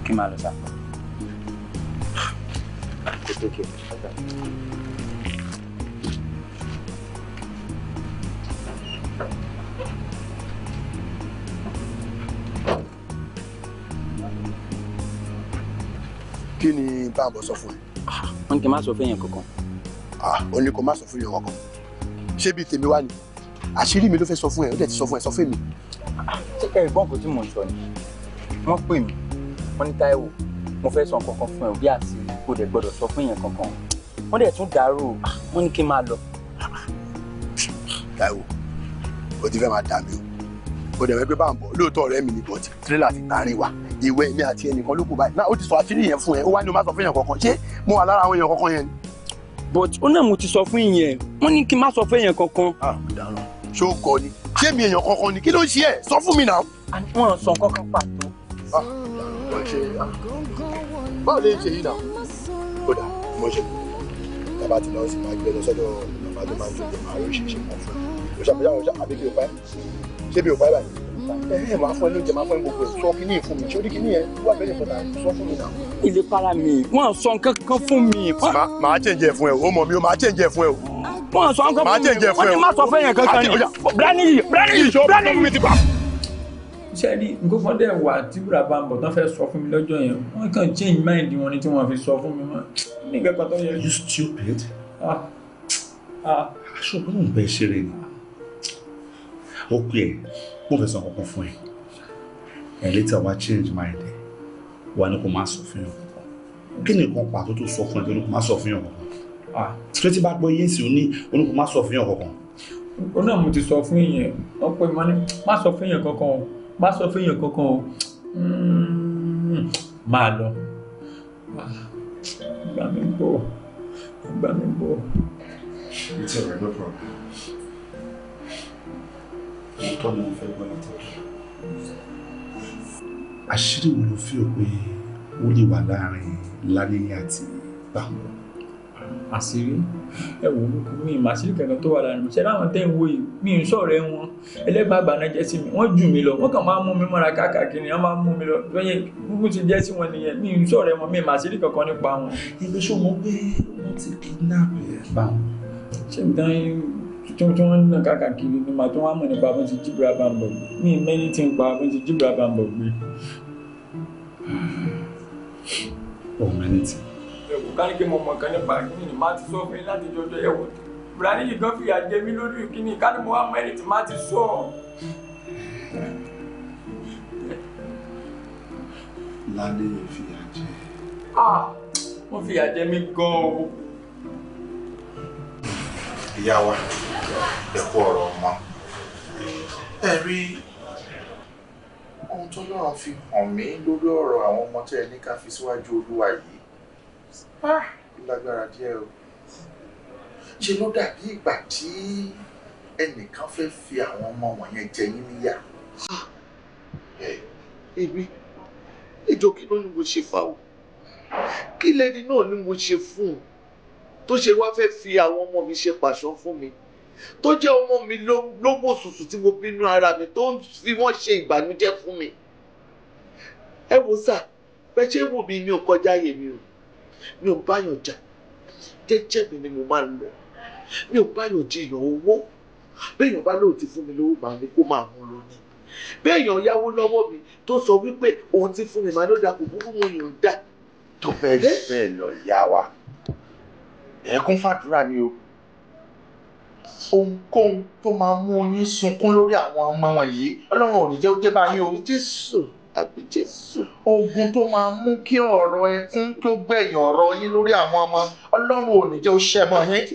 kí n máa lọ sáà. kò tó kí n lọ kí ni tá a bọ̀ sọ fún ẹ. wọn kì í má sọ fún yẹn kankan. ó ah, ní kó má sọ fún yẹn kankan ṣé bíi tèmi wá ni àṣírí mi ló fẹ́ sọ fún ẹ ó dẹ̀ ti sọ fún ẹ sọ fún mi. Ah, ṣé ẹ gbọ́n kò tí mò ń sọ ni wọ́n pè mí wọ́n ní Táíwò mo fẹ́ sọ kankan fún ẹ òbí àṣírí kò dẹ̀ gbọ́dọ̀ sọ fún yẹn kankan wọ́n dẹ̀ tún dàrú ah, wọ́n ní kí n máa lọ. Táíwò o ti fẹ́ máa dà mí o kò dẹ̀ wẹ́ pé bá ń bọ̀ lóòótọ́ ọ̀rẹ́ mi ni bọ̀tì tírélà ti taari wa ìwé mi àti ẹnìkan ló kù báyìí náà ó ti sọ àṣírí yẹn fún ẹ ó wá ní o má sọ fún yẹn kankan ṣé mo wà lára àwọn èèyàn kankan yẹn ni. but ó náà mo ti sọ fún ìyẹn wọn ní kí n má sọ fún èèyàn kankan. ah dànù ṣé o kọ ni ṣé mi èèyàn kankan ni kí ló ń ṣe ẹ sọ fún mi náà. wọn sọ kankan pàtó. Ah, ah. báwo lè ṣe yìí náà ó dà mo ṣe bàbá ti lọ sí máa gbé lọ sọ́dọ̀ bàbá tó máa ń jẹ àwọn òṣìṣẹ́ kan fún mi ó ṣàpèjáwò àbí kí ilé para mi wọ́n sọ nǹkan kan fún mi. màá chẹ́ǹjẹ̀ fún ẹ o mọ̀ mi o màá chẹ́ǹjẹ̀ fún ẹ o. wọ́n sọ nǹkan fún mi wọ́n ní má sọ fún yẹn kankan ni. brani brani brani yìí. sẹ́ẹ̀rì nǹkan dẹ̀ wà tí wúrà bá ń bọ̀ tán fẹ́ sọ fún mi lọ́jọ́ yẹn wọ́n kàn change mind wọn ni tí wọ́n fi sọ fún mi mọ́ ní pàtó yẹn. you stupid. Ah, ah. aṣọ ògbóhùn bẹ́ẹ̀ ṣeré ni ó pè é mo fẹ́ sọ kankan fún ẹ ẹ later wá change mind ẹ wà ní kò má sọ fún yàn kí ni nǹkan pàtó tó sọ fún ẹ tó ní kò má sọ fún yàn kankan ah tí wọ́n ti bá gbọ́ yé sí oní oní kò má sọ fún yàn kankan. ó náà mo ti sọ fún yẹn wọ́n pè mọ́ ní má sọ fún yàn kankan hmm. ah. it's all right no problem òótọ́ ni mo fẹ́ gbọ́ ní tèmi àṣírí wo ló fi hàn pé ó lè wà láàrin ládélé àti báwo. àṣírí ẹ wò ó mi ìmọ̀ àṣírí kankan tó wà láàrin mi ṣe láwọn tẹ́ ń wo yìí mi ń sọ̀rọ̀ ẹ wọn ẹlẹ́gbàá àgbàna jẹ́ sí mi wọ́n jù mí lọ wọ́n kàn máa ń mú mi mọ́ra káàkiri wọ́n máa ń mú mi lọ lọ́yẹ̀ gbogbo ti jẹ́ sí wọn nìyẹn mi ń sọ̀rọ̀ ẹ wọn mi ìmọ̀ àṣírí kankan nípa wọn. ìgbésùn mọ́ pé wọ́n ti kidnap ẹ̀ báwọn. ṣé gan-an tí wọ́n ń nà káàkiri ni màá tí nípa bó ti jíbìrà bá gbé ní mẹ́ni tí ń pa bó ti jíbìrà bá gbé. ọ̀ mẹ́ni tí. ẹ̀wù kárí kí mo kan nípa kíni ni màá ti sọ fún yín láti jọjọ ẹ̀wọ̀ bùrání yìí gan fìyà jẹ mí lórí kíni kárí mo wá mẹ́ni tí màá ti sọ. lálẹ́ yẹn fìyà jẹ. ah wọ́n fìyà jẹ mí gan-an ìyá wa ẹ̀kú ọ̀rọ̀ ọmọ ẹ rí ohun tó lọ́wọ́ fi hàn mí lórí ọ̀rọ̀ àwọn ọmọ tẹ́ ẹ ní ká fi síwájú olúwa yìí ah, lágbára díẹ̀ o ṣe ló dàbí ìgbà tí ẹnìkan fẹ́ fi àwọn ọmọ wọ̀nyẹn jẹ yín níyà. Ah, èmi ìjọ kí ló ní mo ṣe fáwọn kí lẹni náà ni mo ṣe fún un tó ṣe wá fẹ́ fi àwọn ọmọ mi ṣe pàṣán fún mi tó jẹ́ ọmọ mi lógbòsùsù tí mo bínú ara mi tó ń fi wọ́n ṣe ìbànújẹ́ fún mi. ẹ wo sà bẹ́ẹ̀ ṣé wù mí mi ò kọjá yè mi o mi ò báyọ̀ jà jẹ́jẹ́ mi ni mo máa ń lọ mi ò báyọ̀ jiyàn owó béèyàn bá lóun ti fún mi lówó màá ní kó máa mú lọ ni béèyàn yáwó lọ́wọ́ mi tó sọ wípé òun ti fún mi màá ló dà kó kúkú mo yàn dà. tó fẹ́ bẹ́ẹ̀ lọ yá wa ẹ̀ẹ́kún ni o ohunkóhun tó máa mú yín sunkún lórí àwọn ọmọ wọn ọlọ́run ò ní jẹ́ ó bá yín o. ogun tó máa mú kí ọ̀rọ̀ ẹkún tó gbẹ̀yìn ọ̀rọ̀ yín lórí àwọn ọmọ ọlọ́run ò ní jẹ́ ó mọ́ yín.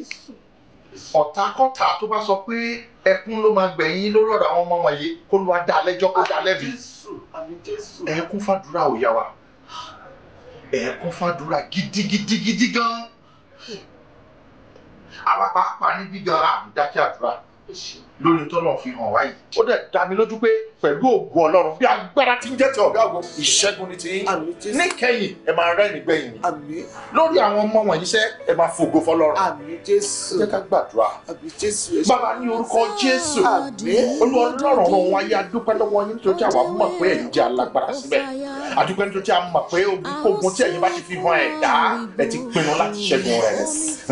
ọ̀tàkọ́tà tó bá sọ pé ẹkún ló máa gbẹ̀yìn lórí ọ̀rọ̀ àwọn ọmọ wọ̀nyí kó ló wá dá kó dá lẹ́bi. ẹ̀ẹ́kún ò yá wa ẹ̀ẹ́kún gidigidigidi gan àwa pàápàá ní gbígbà àmì dákẹ́ àdúrà lórí tọ́lọ̀ fi hàn wáyé. ó dẹ̀ dá mi lójú pé pẹ̀lú ògùn ọlọ́run bí agbára ti ń jẹ́ ti ọ̀gá ògo ìṣẹ́gun ni ti yín níkẹyìn ẹ máa rẹ́rìn gbẹ̀yìn ni lórí àwọn ọmọ wọ̀nyí sẹ́ ẹ máa fògo fọlọ́run jẹ́ ká gbàdúrà bàbá ní orúkọ jésù olúwa ọ̀rọ̀ wọn ayé adúpẹ́ lọ́wọ́ yín tó jẹ́ àwa mọ̀ pé ẹ̀yin jẹ́ alágbára síbẹ̀ adúpẹ́ tó jẹ́ àmọ̀ pé ogun tí ẹ̀yin bá ti fi mọ ẹ̀dá ẹ ti pinnu láti ṣẹ́gun rẹ̀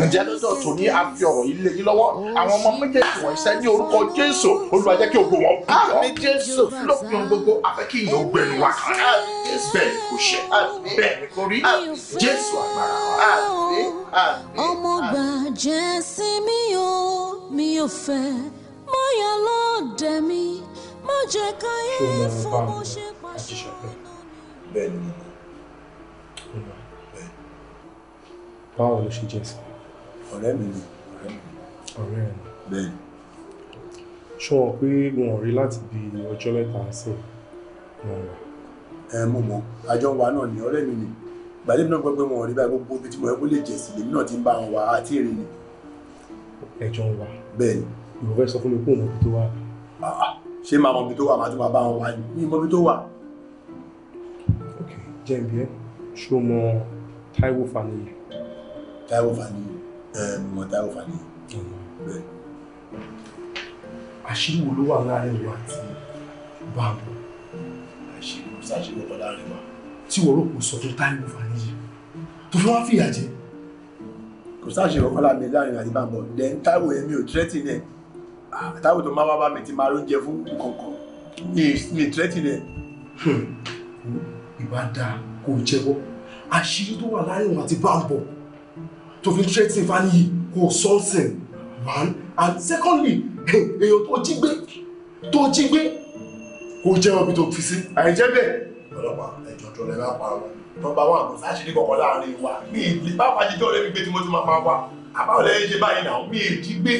ǹjẹ́ lọ́dọ̀ tó ní a ọ̀rọ̀ yìí lé yín lọ́wọ́ àwọn ọmọ méjèèjì wọ̀nyí sẹ́ ní orúkọ lórúkọ jésù olúwa jẹ́ kí ògo wọn bù ọ́ jésù lópin gbogbo afẹ́ kí ìyẹn ògbẹ́nu wa kàn bẹ́ẹ̀ kò ṣe bẹ́ẹ̀ kò rí jésù agbára wa. ọmọ gbàjẹ́ sí mi ò mi ò fẹ́ mo yà lọ́dẹ mi mo jẹ́ káyé fún mo ṣe pàṣẹ. bẹ́ẹ̀ ni báwo ló ṣe jẹ́ sí. ọ̀rẹ́ mi ni ọ̀rẹ́ mi. ọ̀rẹ́ mi. bẹ́ẹ̀ ni ṣọ́wọ́n pé wọn ò rí láti bí ọjọ́ mẹ́ta sí ẹ mú mọ àjọ wa náà ní ọ̀rẹ́ mi ni gbàdébí náà gbọ́ pé wọn ò rí báyìí gbogbo ibi tí mo yẹ kó lè jẹ sí lèmi náà ti ń bá wọn wá àti èrè ni. ẹjọ ń wá. bẹ́ẹ̀ ìwọ fẹ́ sọ fún mi pé òun ibi tó wà. ṣé màá mọ ibi tó wà màá tún máa bá wọn wá ni mi ibi tó wà. ok jẹ́ǹbí ẹ ṣó mọ Táíwò Fáníyì. Táíwò Fáníyì ẹ mọ Táíwò Fáníyì. bẹ́ẹ̀ ni àṣírí wo ló wà láàrin ìwà àti báàbò àṣírí wo ṣàṣírí ọ̀pọ̀ láàrin wa tí wọ́n rò kò sọ tó táyé wò fàní yìí tó fi wá fìyà jẹ. kò ṣàṣírí ọ̀pọ̀ láàrin láàrin àti báàbò dẹ̀ ń táwọ̀ ẹ̀mí ò tírẹ́tì nẹ̀ táwọ̀ tó máa wá bá mi ti máa lóúnjẹ fún kọ̀ọ̀kan ní tírẹ́tì nẹ̀. ìbá dáa kò jẹ́wọ́ àṣírí tó wà láàrin ìwà àti báàbò tó fi tírẹ́tì fàní yìí kò sọ́ọ̀sìn one and secondly èèyàn tó jí gbé tó jí gbé kò jẹ́ ọbí tó fi sí àìjẹ́ bẹ́ẹ̀ ọlọ́pàá ẹ̀jọ̀ tó lẹ́la pa wọn nọ́mbà wà kò sáà ṣe ní kọ̀kọ́ láàrin wa mi ìdí báwa jí tó lẹ́bi pé tí mo ti máa máa wà àbáwọ̀ lẹ́yìn ṣe báyìí náà mi ìdí gbé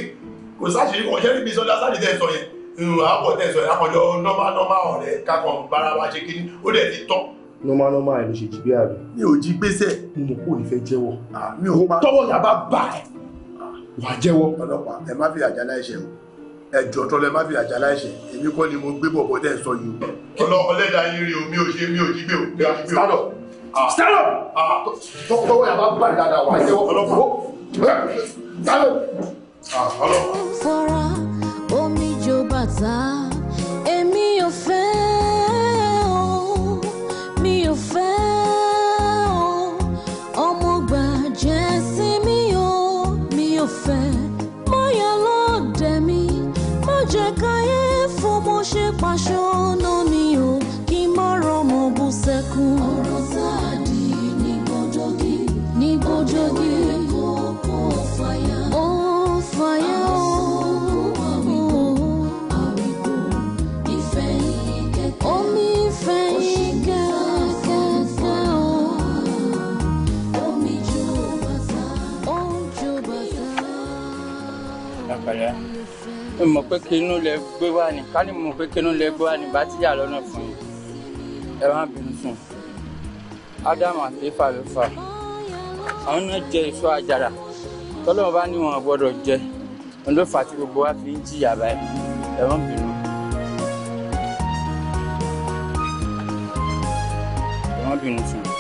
kò sáà ṣe ní kọ̀kọ́ ṣẹ́rí mi sọ́dá sáà nìtẹ̀ sọ yẹn ìrùn àwọ̀ tẹ̀ sọ yẹn àkọjọ nọ́mbà nọ́mbà ọ̀rẹ́ kakọ̀ bára wa ṣe kíní ó dẹ̀ ti tán normal normal ẹni ṣe jìgbé àbí. mi ò jí gbèsè. mo mọ̀ kó o lè fẹ́ jẹ́wọ́. Ah, mi ò tọwọ́ yàrá bá bá ẹ̀ wà jẹ́wọ́. ọlọ́pàá ẹ má fi àjálá ẹ̀ṣẹ̀ o ẹjọ tọlẹ má fi àjà láìṣe èmi kọ́ ni mo gbé bọ̀bọ̀ dẹ́ sọ yìí o. ọlọ ọlẹ́dà yín rí o mi ò ṣe mi ò jí gbé o. stand up ah. stand up ah. tọwọ́ yà bá gbà dáadáa wà á jẹ́wọ́ ọlọ́pàá stand ah, omi jo bàtà èmi ò fẹ́ o mi ò fẹ́ o. ṣọ́nà mi ò kí n má rọmọ bú sẹ́kún. ọ̀rọ̀ sáàdì ní gbọ́dọ̀gí. ní gbọ́dọ̀gí. ọkọ̀ fàyà. ó fàyà ó. omi ìfẹ́ yìí kẹ́kẹ́kẹ́ o. omi jó bàtà. ó jó bàtà. ẹ pẹ̀lẹ́ ẹ mọ̀ pé kinú lẹ gbé wá ní ká ní mọ̀ pé kinú lẹ gbé wá ní bá ti yà lọ́nà fún yín ẹ má bínú sùn ádámù àti ifá ló fà àwọn náà jẹ èso àjàrà tọ́lọ́mọ bá ní wọn gbọ́dọ̀ jẹ òun fà tí gbogbo wa fi ń jìyà báyìí ẹ má bínú. ẹ má bínú sùn.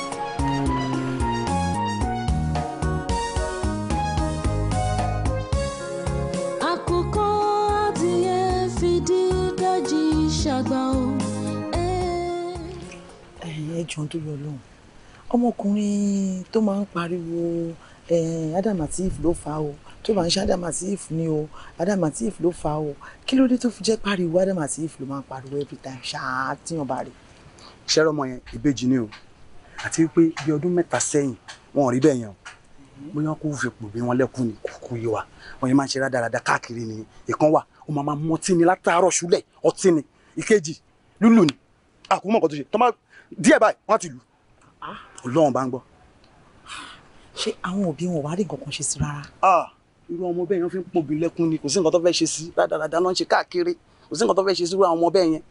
jọun tó yọ lọ́hùn ọmọkùnrin tó máa ń pariwo Adam Lateef ló fa o tó máa ń ṣe Adam Lateef ni o Adam Lateef ló fa o kí ló dé tó fi jẹ́ pariwo Adam Lateef ló máa ń pariwo every time ṣáá tíyan bá rè. ṣẹ́rọ ọmọ yẹn ìbejì ni o àti pé bí ọdún mẹ́ta sẹ́yìn wọn ò rí bẹ́ẹ̀ yẹn o mm-hmm. bóyá kó fi pò bí wọn lẹ́kùn ní kúkú yìí wa wọn yẹn máa ń ṣe rádaràda káàkiri ni ìkan wà ó máa máa mọtí ni látàárọ̀ ṣúlẹ̀ ọtí ni ìkejì lúlù ni àkómọ̀ nǹkan tó ṣe tó máa díẹ̀ báyìí wọ́n ti lù ah. ọlọ́run bá ń gbọ́. ṣé àwọn òbí wọn ò wá rí nǹkan kan ṣe sí rárá. Ah, irú ọmọ bẹ́ẹ̀ yẹn fi ń pòbí lẹ́kún ni kò sí nǹkan tó fẹ́ ṣe sí dáadáa náà ń ṣe káàkiri kò sí nǹkan tó fẹ́ ṣe sí irú àwọn ọmọ bẹ́ẹ̀ yẹn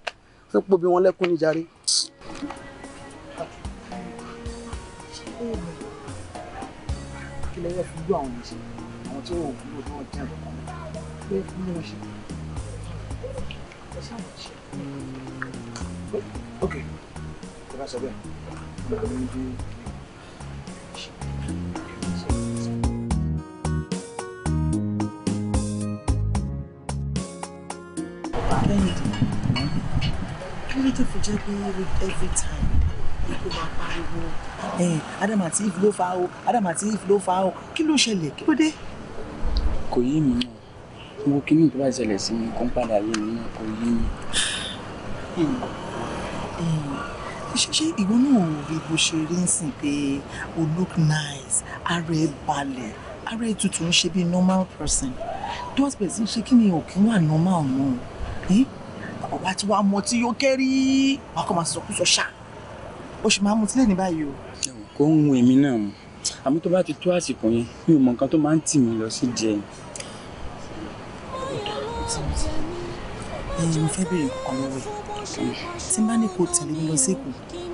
fi ń pòbí wọn lẹ́kún ni jàre. kí tí bá sọ bẹ́ẹ̀ máa ń bí. kí ló dé fi jẹ́ pé every time ikú máa pariwo Adam àti Eve ló fa o Adam àti Eve ló fa o kí ló ṣẹlẹ̀ kí ló dé. kò yé mi náà gbogbo kínní tó bá ṣẹlẹ̀ sí mi kó ń padà yé mi náà kò yé mi ṣé ìwọ náà ò rí bó ṣe rí ń sìn pé o look nice ara ẹ balẹ̀ ara ẹ tutù ń ṣe bí normal person tó wá síbẹ̀ sí ṣé kí ni òkè wà normal mọ́ ọ bá ti wá mọ tí yóò kẹ́rí wà á kọ́ máa sọkúsọ ṣá o ṣì máa mutí lẹ́ni báyìí o. kò ń hun èmi náà àmọ́ tó bá ti tó àsìkò yẹn mi ò mọ nǹkan tó máa ń tì mí lọ sí jẹun ẹ mo fẹ́ bèrè nǹkan lọ́wọ́ ẹ̀ tí bá ní kò tẹ̀lé mi lọ sí Èkó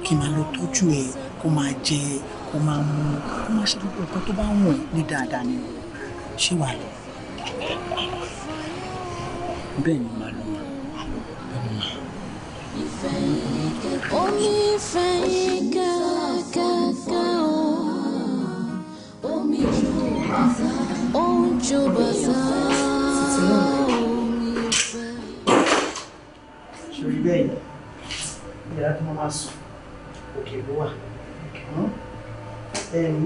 kí n máa lọ tọ́jú ẹ kó máa jẹ kó máa mu kó máa ṣe gbogbo nǹkan tó bá wọ̀n ní dáadáa ni ṣé wàá lọ. bẹ́ẹ̀ ni màá lọ máa. bẹ́ẹ̀ yàrá tó máa sùn òkè ló wà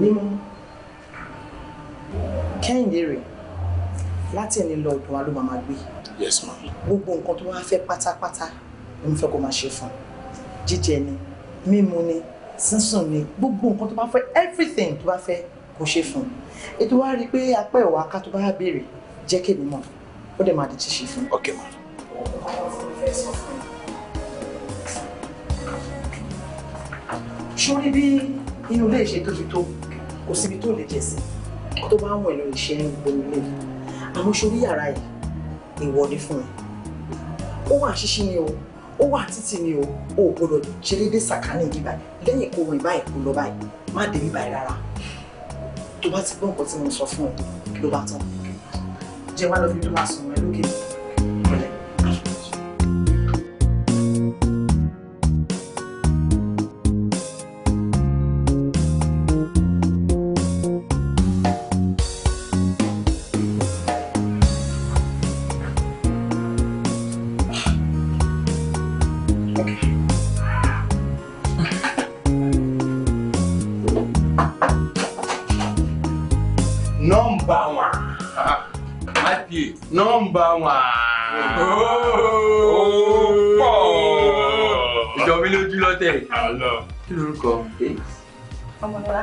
mímú kẹ́hìndé rè láti ẹni lọ ọ̀dọ̀ wa ló máa gbé yes ma gbogbo nǹkan tó wá fẹ́ pátápátá ló ń fẹ́ kó máa ṣe fún jíjẹ ni mímu ni sísùn ni gbogbo nǹkan tó bá fẹ́ everything tó bá fẹ́ kó ṣe fún ètò wa rí i pé apẹ́ ìwà ká tó bá béèrè jẹ́ kémi mọ̀ ó dẹ̀ máa di ṣíṣe fún. ok ma. Thank sórí bí inú ilé ìṣe tó ti tó kò síbi tó lè jẹ sí tó bá wọn ìlú ìṣe ń gbomi lè àmọ́ sórí yàrá yìí ìwọ ni fún ẹ ó wà ṣíṣí ni o ó wà títì ni o ò gbọdọ̀ ṣe déédéé sàkánì yìí báyìí lẹ́yìn kó rìn báyìí kó lọ báyìí má débi báyìí rárá tó bá ti gbọ́ nǹkan tí mo sọ fún ẹ kí ló bá tán jẹ́ wá lọ fi dúró àsùnwọ̀n ẹ lókè mi. wà. ó pọ̀. ìjọ mi lójú lọ́tẹ̀. kí lorúkọ? ọmọlọlá.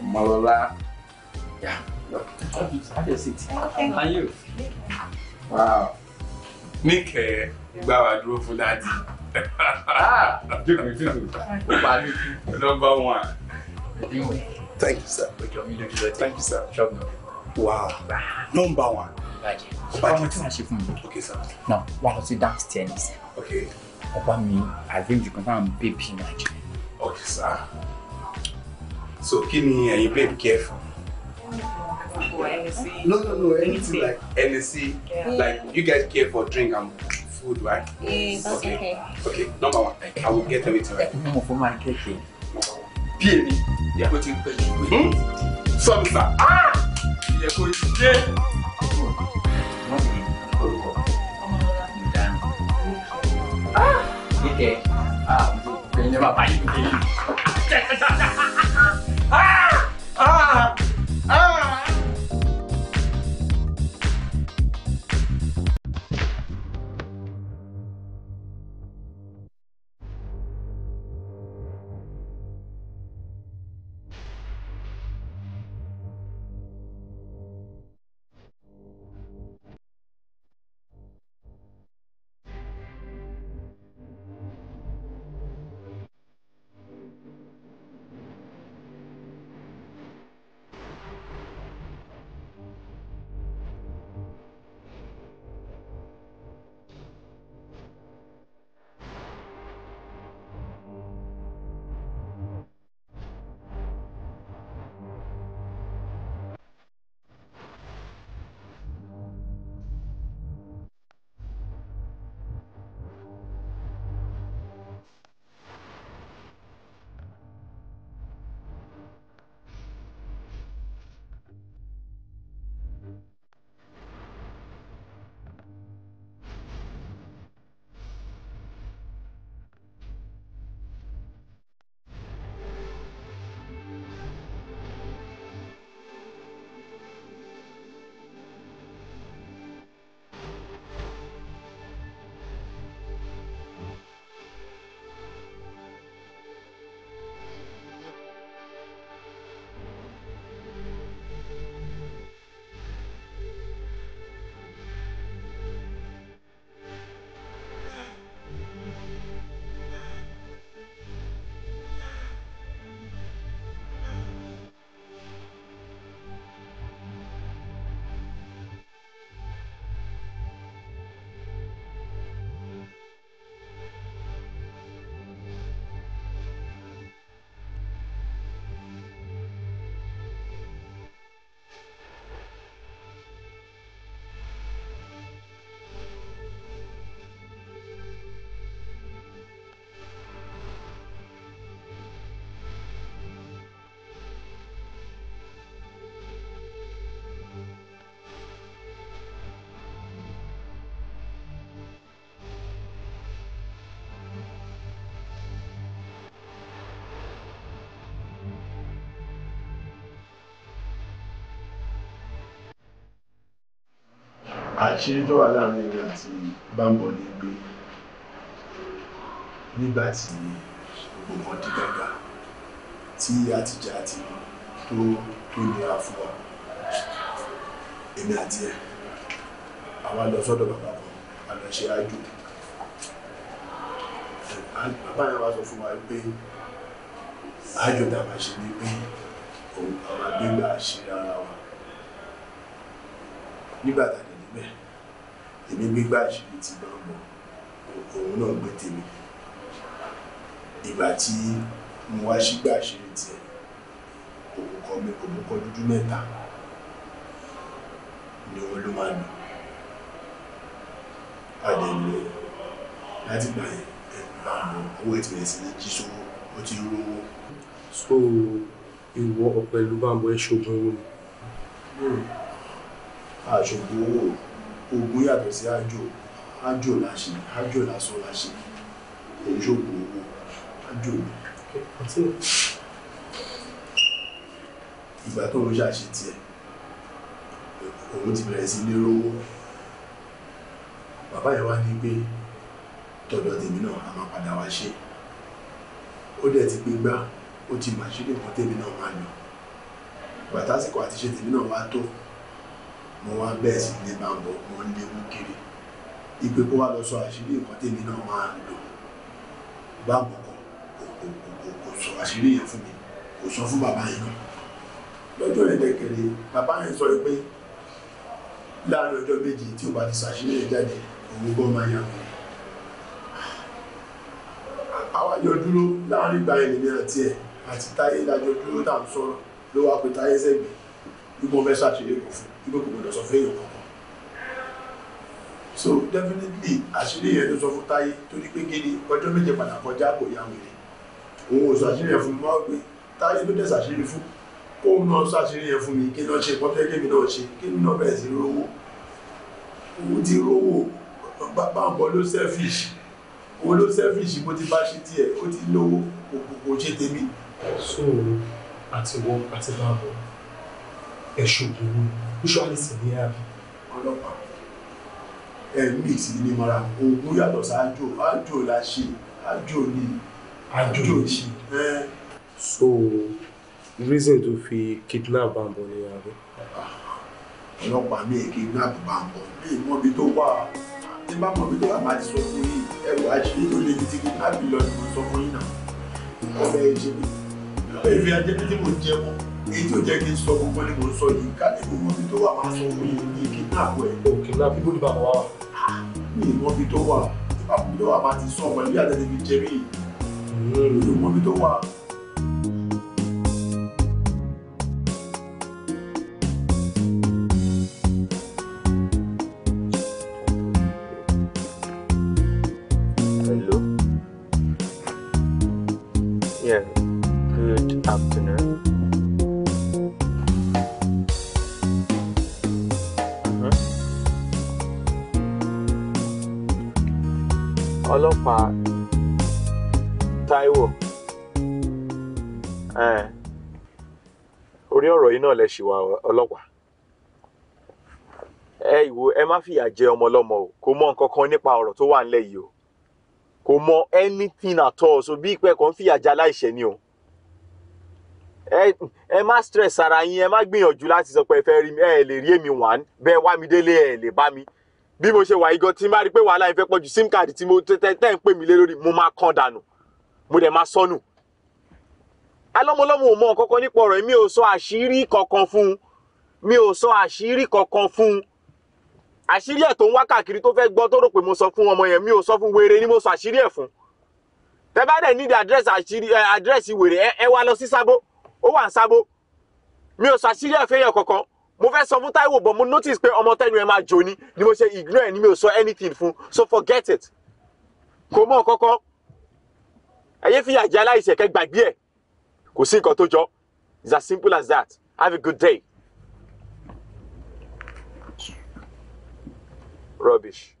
ọmọlọlá. Yeah. Look, have your seat. How are you? Wow. Níkẹ́ gbá wa dúró fún dájú. Ah! Jókòó tútù. Parí nọ́mbà one. Thank you, sir. Thank you, sir. Thank you, sir. Wow. Number one. Okay, ọmọ tí wàá ṣe fún mi. ok sir. now wà lọ sí downstairs nísìn. ok. ọba mi arrange kan táwọn bébì sir. so kí ni ẹ̀yin babe care careful. No, no, no, anything like NSC. Like you guys care for drink and food, right? Yeah, okay. okay. number one, I will get everything right. No, for my cake. Pay me. Yeah. What you pay you? Hmm? Something. Ah! Yeah, go. Yeah. Oke. Ah, ini bapak ini. Ah! Ah! Ah! àṣírí tó wà láàrin rẹ̀ àti bámbọ̀ ní gbé nígbà tí gbogbo di gàgà tí àtijọ́ àti tó tó nira fún wa èmi àti ẹ̀ àwa lọ sọ́dọ̀ bàbá kan àlọ́ ṣe ájò bàbá yẹn wá sọ fún wa pé ájò tá a máa ṣe ni pé àwọn àgbégbà ṣe ara wa nígbà tá ní gbígbà àṣírí ti bá mọ òun náà gbé tèmi ìgbà tí mo wá sígbà àṣírí tiẹ̀ òkùnkọ mi kò mú kọ dúdú mẹ́ta ni wọn ló máa lò pàdé lò láti gbà yẹn àwọn owó ìtìmẹ̀ sí ní jí sówó ó ti rówó. so ìwọ ọ̀pẹ̀lú bá ń bọ ẹ́ ṣoògùn owó ni. àṣoògùn hmm. owó ogun yàtọ̀ sí ajo, àjò láṣẹ àjò lásán láṣẹ òjòògùn owó ajo, ìgbà tó ń ṣàṣe tiẹ̀ òun ti bẹ̀rẹ̀ sí lérò owó bàbá yẹn wá ní pé tọ̀dọ̀ tèmi náà a máa padà wá ṣe ó dẹ̀ ti gbé gbá ó ti màṣírí nǹkan tèmi náà máa lò bàtásìkò àti ṣe tèmi náà wá tó mo wá bẹ́ẹ̀ sí ní bàbá mo ń léwu kiri ipe kó wá lọ sọ àṣírí nǹkan tèmi náà máa lò bàbá kò kò kò kò sọ àṣírí yẹn fún mi kò sọ fún bàbá yẹn náà lọ́jọ́ yẹn dẹ́kẹ̀rẹ́ bàbá yẹn sọ pé láàrin ọjọ́ méjì tí o bá ti ṣàṣírí yẹn jáde òun gbọ́ máa yà wọ́n àwa jọ dúró láàrin gbà yẹn nìyẹn àti ẹ̀ àti táyé lájọ dúró tà ń sọ̀rọ̀ ló wá pe táyé sẹ́gbẹ̀ẹ́ wípé wọ́n fẹ́ ṣàtìlẹ́yìn kò fún wípé kò gbọdọ̀ sọ fún èèyàn kankan so definitely àṣírí yẹn ló sọ fún táyé torí pé gidi ọjọ́ méje padà kọjá kò yá wèrè òun ò ṣàṣírí yẹn fún mi máa pé táyé ló dẹ̀ ṣàṣírí fún kóun náà ṣàṣírí yẹn fún mi kí náà ṣe pọ́tẹ́ kémi náà ṣe kémi náà bẹ̀rẹ̀ sí rówó òun ti rówó báńkọ ló selfish òun ló selfish bó ti bá ṣe tiẹ̀ ó ti lówó kò ṣe tèmi. so àti wọ àti báàbọ̀ ẹ̀ṣọ́ òkúrú usually senior ọlọ́pàá ẹ̀mí ti ní mara ogun yàtọ̀ sáájò ájò la ṣe ájò ni ájò so reason to fi kidnap bambo ni àbí. ọlọ́pàá mi ì kidnap bambo mi ì mọ̀bi tó wà ní bá mọ̀bi tó wà máa ti sọ fún yìí ẹ̀rọ àṣírí tó lè ti kidnap lọ ni mo sọ fún yìí náà ọbẹ̀ ẹ̀ ṣe mi ọbẹ̀ ìfẹ́ ajẹ́pẹ́tẹ́ mo jẹ́ mọ́ èyí tí ò jẹ́ kí n sọ gbogbo ni mo sọ yìí ká lè gbogbo ibi tó wà máa sọ mí ní kidnap ẹ̀. o kidnap ibo ni bàbá wa. Ah, mi ìmọ̀ ibi tó wà ìbàkùn tó wà máa ti sọ ọmọ ẹbí àtẹ̀tẹ̀ fi jẹ mí. mi ìmọ̀ ibi tó wà. ọlọ́pàá Táíwò orí ọ̀rọ̀ yìí náà lè ṣì wà ọlọ́pàá ẹ ìwò ẹ má fìyà jẹ ọmọ ọlọ́mọ o kò mọ nǹkan kan nípa ọ̀rọ̀ tó wà ńlẹ̀ yìí o kò mọ anything at all so bí ìpẹ́ kan fìyà jẹ aláìṣẹ̀ ni o ẹ má stress ara yín ẹ má gbìyànjú láti sọ pé ẹ fẹ́ rí mi ẹ lè rí èmi wàn bẹ́ẹ̀ wá mi délé ẹ lè bá mi bí mo ṣe wà yìí gan tí n bá rí pé wàhálà yìí fẹ́ pọ̀jù sim card tí mo tẹ́ tẹ́ ń pè mí lé lórí mo máa kàn dànù mo dẹ̀ máa sọnù. alọ́mọlọ́mọ ò mọ kankan nípa ọ̀rọ̀ mi ò sọ àṣírí kankan fún un mi ò sọ àṣírí kankan fún un àṣírí ẹ̀ tó ń wá káàkiri tó fẹ́ gbọ́ tó rò pé mo sọ fún ọmọ yẹn mi ò sọ fún wèrè ni mo sọ àṣírí ẹ̀ fún. tẹ́ bá dẹ̀ nídìí àdírẹ́sì àṣírí àdírẹ́sì eh, wèrè ẹ wá lọ sí sábó ó wà ń sábó mi ò sọ àṣírí ẹ̀ fẹ́yàn kankan mo fẹ́ sọ fún Táíwò but mo notice pé ọmọ tẹ́nu ẹ máa jò ni ni mo ṣe ignore ẹ ni mi ò sọ anything fún so forget it kò mọ̀ kọ́kọ́ ẹ̀yẹ́ fìyà jẹ aláìṣẹ̀ kẹ́ gbàgbé ẹ̀ kò sí nǹkan tó jọ it's as simple as that have a good day rubbish.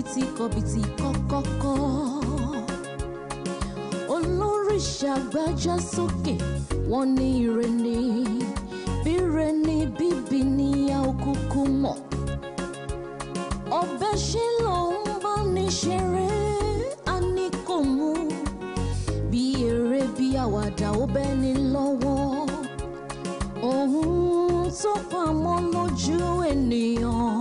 kọbìtì kọbìtì kọ́kọ́kọ́ olóríṣà gbájá sókè wọ́n ní ire ni bíre ni bíbí ni a ò kúkú mọ̀ ọbẹ̀ ṣe ló ń bá ní ṣeré a ní kò mú bí eré bí àwàdà ó bẹ́ ni lọ́wọ́ ohun tó pamọ́ lójú ènìyàn.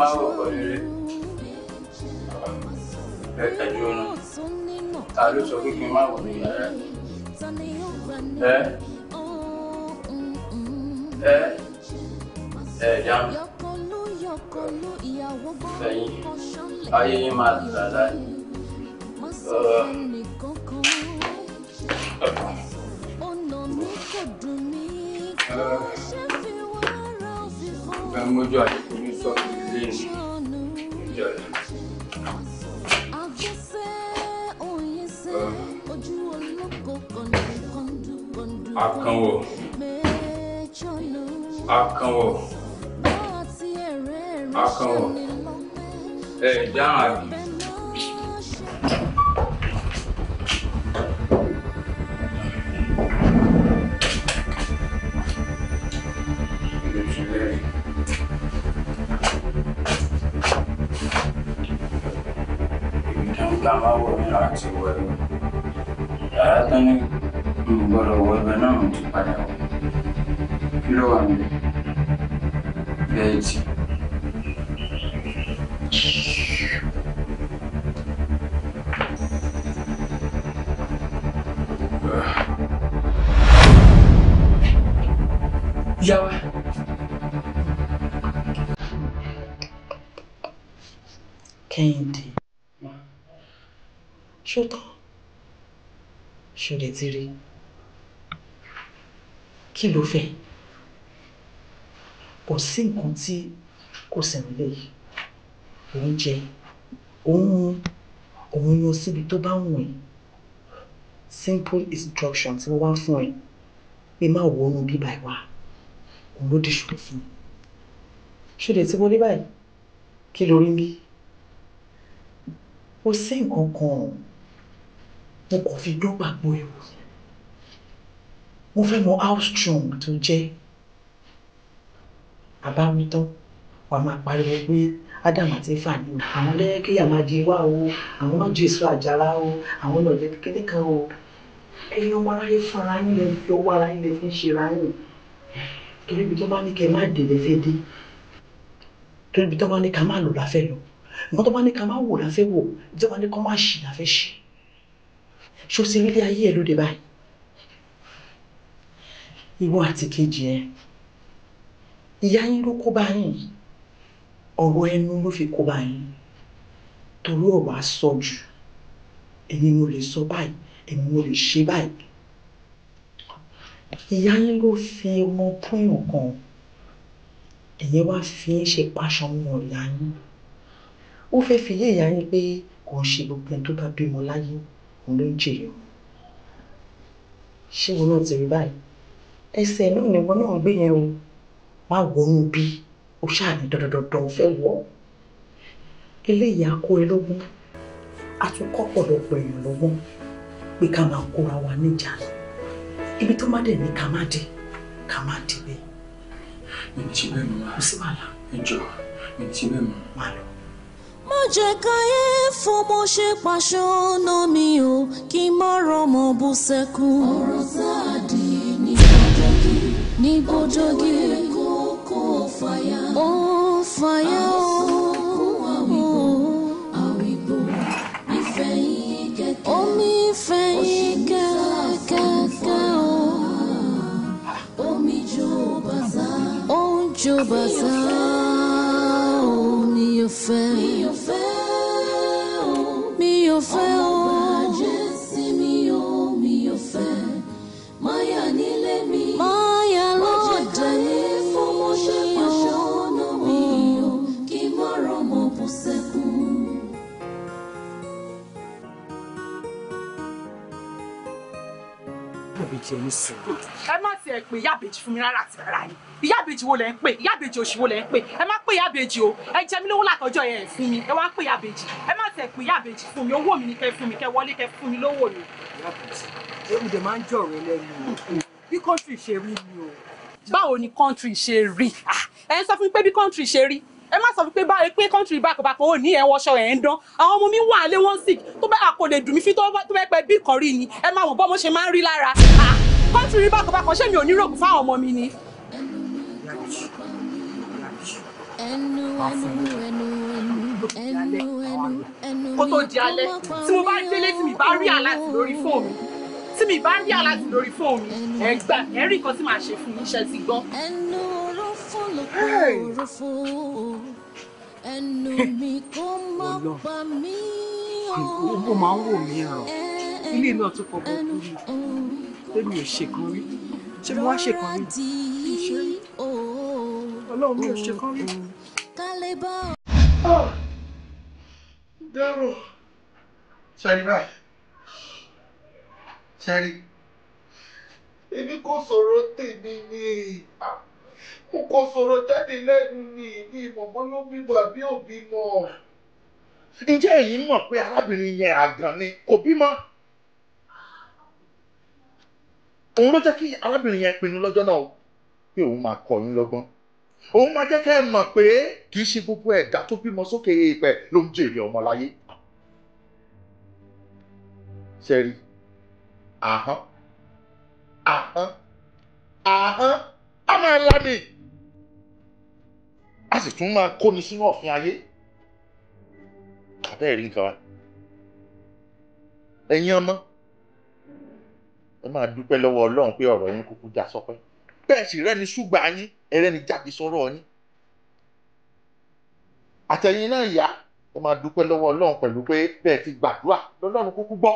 máa wò pọ̀ nílé ẹ tẹ́jú ọ̀nà ta ló sọ pé kí n má wò ní yàrá ẹ ẹ ẹ dáhùn sẹ́yìn ayé yín máa dà láyé. Ẹ mójú àyè kò ní sọ́kù. Akanwo. Akanwo. Akanwo. Àkànwọ̀ ẹ̀ àbí. àti wẹ̀rù yàrá tó ní n gbọ́dọ̀ wọ ibẹ̀ náà mo ti padà wọ̀ kí ṣótán ṣòdẹ ti rí kí ló fẹ́ kò sí nǹkan tí kò sì nílé yìí òun jẹ òun òun yan síbi tó bá wù ẹ́ simple instruction tí wọ́n wá fún ẹ pé má wo orun bíbá ẹ wá òun ló dé ṣòro fún mi ṣòdẹ ti wọlé báyìí kí ló rí bí kò sí nǹkan kan ọ̀hún mo kàn fi dọ́gba gbo ẹrù mo fẹ́ mọ how strong tó jẹ́ bàbá mi tán wà máa pariwo pé ádámù àti ifá ni àwọn lẹ́yẹ́kẹ́yà máa di wá o àwọn náà ju èso àjàrà o àwọn náà jẹ́ kékeré kan o ẹ̀yin ọmọ aráyé fún ara yín lẹ fi ọwọ́ ara yín lẹ fi ń ṣe ara yín torí ibi tó bá ní kẹ má dé lẹ́fẹ́ dé torí ibi tó bá ní ká má lò láfẹ́ lọ nǹkan tó bá ní ká má wò láfẹ́ wò ibi tó bá ní ká má ṣì láfẹ́ ṣì ṣó ti rí ilé ayé ẹ lóde báyìí ìwọ àti kejì ẹ ìyá yín ló kó bá yín ọ̀rọ̀ ẹnu ló fi kó bá yín torí ọ̀rọ̀ àsọ jù èmi mo lè sọ báyìí èmi mo lè ṣe báyìí ìyá yín ló fi ọmọ pín nǹkan ìyẹn wá fi ń ṣe pàṣọ mọ ìyá yín ó fẹ́ fi yé ìyá yín pé kò ń ṣe gbogbo ẹni tó bá bímọ láyé òun ló jèrè o ṣé ìwọ náà ti rí báyìí ẹsẹ̀ náà ni ìwọ náà gbé yẹn o má wọnú bí o ṣáà ní dandandandan fẹ́ wọ̀ eléyìí á kó ẹ lógún á tún kọ́ pọ̀lọpọ̀ èèyàn lọ́wọ́ pé ká máa kóra wa níjà ibi tó má dẹ̀ ní ká má dé ká má dé bẹ́ẹ̀. mi ti bẹ́ẹ̀ mọ́ kò sí wàhálà. ẹ jọ mi ti bẹ́ẹ̀ mọ́. máa lọ má jẹ́ káyé fọmọ ṣe pàṣọ ọ̀nà mi ò kí n má rọmọ bú sẹ́kù. ọ̀rọ̀ tá a dì ní bọ́jọ́gì ní bọ́jọ́gì kókó fàyà. ó fàyà ó. omi fẹ̀yìn kẹ́kẹ́kẹ́ o. omi jó bàtà. ó ń ò fẹ́ mi ò fẹ́ o jẹ nísìnyí. ẹ má tiẹ̀ pé ìyá àbèjì fún mi rárá àti rárá ni ìyá àbèjì wo lẹ ń pè ìyá àbèjì oṣù wo lẹ ń pè ẹ má pè ìyá àbèjì o ẹ jẹ mí lówó látọjọ́ yẹn fún mi ẹ wá ń pè ìyá àbèjì ẹ má tiẹ̀ pé ìyá àbèjì fún mi owó mi ni kẹ́ fún mi kẹ́ wọlé kẹ́ fún mi lówó mi. ewu dè máa ń jọ̀rọ̀ ẹlẹ́nu bí kọ́ńtì ṣe rí ni o. báwo ni kọ́ńtì ṣe rí ah, ẹ ń sọ fún mi pé bí kọ́ńtì ṣe rí ẹ má sọ pé báyìí pé kọ́ńtìrì bákan bákan ò ní ẹ̀ wọṣọ ẹ̀ ń dán àwọn ọmọ mi wà lé wọ́n sì tó bá kò lè dùn mí fi tó bá pẹ́ bí kan rí ni ẹ máa wò bọ́ mo ṣe máa ń rí lára kọ́ńtìrì bákan bákan ṣé mi ò ní rògùn fáwọn ọmọ mi ni. ẹnu ẹnu ẹnu ẹnu ẹnu ẹnu kó tó di alẹ́ tí mo bá délé tí mi bá rí àláàtì lórí fóònù mi tí mi bá rí àláàtì lórí fóònù mi ẹ gbà ẹ rí nǹkan tí màá ṣe fún iṣẹ́ ti gbọ́n gbòòrò fún o ẹnu mi kò má pa mí o. owó máa ń wò mí ràn ilé náà tún fọwọ́ kú mi lèmi ò ṣèkan rí ṣé mo wá ṣèkan rí ṣé ọlọ́run mi ò ṣèkan rí. dẹ́rù ṣẹ́rí báyìí ṣẹ́rí èmi kò sọ̀rọ̀ tèmi ni. Ah. kò sọ̀rọ̀ jáde lẹ́nu ni ìdí ìmọ̀mọ́ ló bímọ àbí ò bímọ. ǹjẹ́ ẹ̀yin mọ̀ pé arábìnrin yẹn àgàn ni kò bímọ? òun ló jẹ́ kí arábìnrin yẹn pinnu lọ́jọ́ náà pé òun máa kọ yín lọ́gbọ́n òun máa jẹ́ kẹ́ ẹ mọ̀ pé kì í ṣe gbogbo ẹ̀dá tó bímọ sókè èèpẹ̀ ló ń jèrè ọmọ láyé. sẹ́rí ahọ́n ahọ́n ahọ́n á máa lá mi. a sì tún máa kóni sínú ọ̀fin ayé àbẹ́ẹ̀ rí nǹkan wa ẹ̀yin ọmọ ẹ máa dúpẹ́ lọ́wọ́ Ọlọ́run pé ọ̀rọ̀ yín kúkú já sọpẹ́ bẹ́ẹ̀ sì rẹ́ni ṣùgbà yín ẹrẹ́ni jáde sọ̀rọ̀ yín àtẹ̀yìn náà yá ẹ máa dúpẹ́ lọ́wọ́ Ọlọ́run pẹ̀lú pé bẹ́ẹ̀ ti gbàdúrà lọ́lọ́run kúkú gbọ́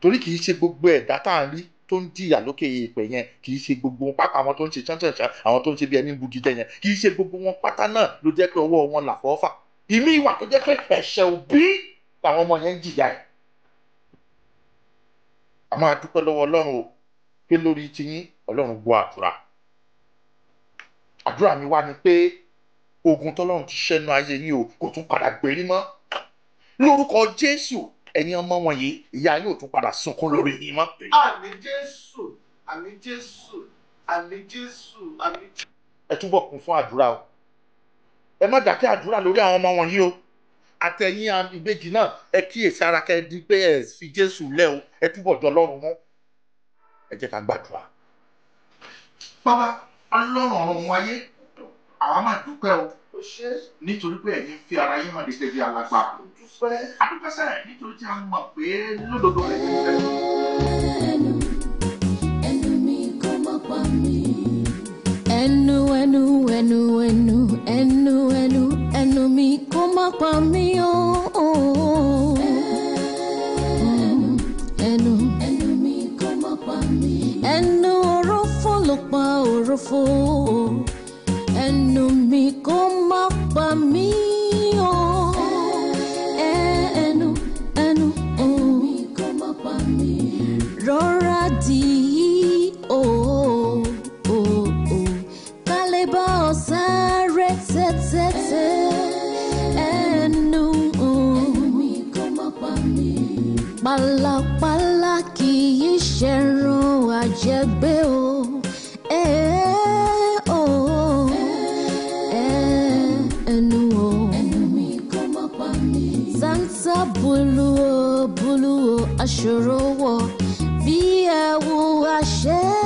torí kì í ṣe gbogbo ẹ̀dá tá à ń rí tó ń jìyà lókè èèpẹ̀ yẹn kì í ṣe gbogbo wọn pátá àwọn tó ń ṣe ṣánṣánṣán àwọn tó ń ṣe bí ẹni bugi jẹ yẹn kì í ṣe gbogbo wọn pátá náà ló jẹ́ pé ọwọ́ wọn là fọ́fà ìmí ìwà tó jẹ́ pé ẹ̀ṣẹ̀ òbí làwọn ọmọ yẹn ń jìyà ẹ̀. a máa dúpẹ́ lọ́wọ́ ọlọ́run o pé lórí tiyín ọlọ́run gbọ́ àdúrà àdúrà mi wá ni pé ogun tọ́lọ́run ti ṣẹ́nu ayé yìí o kò tún padà gbérí mọ́ lórúkọ Jésù ẹ̀yin ọmọ wọ̀nyí ìyá yóò tún padà sunkún lórí yín mọ́. àmì jésù àmì jésù àmì jésù àmì. ẹ túbọ̀ kún fún àdúrà o ẹ má dàkẹ́ àdúrà lórí àwọn ọmọ wọ̀nyí o àtẹ̀yìn ìbejì náà ẹ kíyèsí ara kẹ́ ẹ di pé ẹ fi jésù lẹ́ o ẹ túbọ̀ jọ lọ́rùn mọ́ ẹ jẹ́ ká gbàdúrà. bàbá ọlọ́run ọ̀run wáyé àwa máa dúpẹ́ o nítorí pé ẹ̀yin fi ara yín hàn gẹ́gẹ́ bí alàgbà. adúpẹ́ sẹ́ nítorí tí a mọ̀ pé lódodo rẹ̀ ti fẹ́. ẹnu mi kò pa mí. ẹnu ẹnu ẹnu ẹnu ẹnu ẹnu mi kò má pa mí o. ẹnu ẹnu mi kò má pa mí. ẹnu òròfó ló pa òròfó ẹnu mi kó má pa mí o. ẹnu ẹnu ẹnu mi kó má pa mí. rọra dì í o o o ká lè bá ọ sáré tẹ́tẹ́tẹ́. ẹnu ẹnu mi kó má pa mí. pàlàpàlà kì í ṣẹ̀rùn àjẹgbé o. aṣòro wọ̀ bí ẹ̀wù àṣẹ.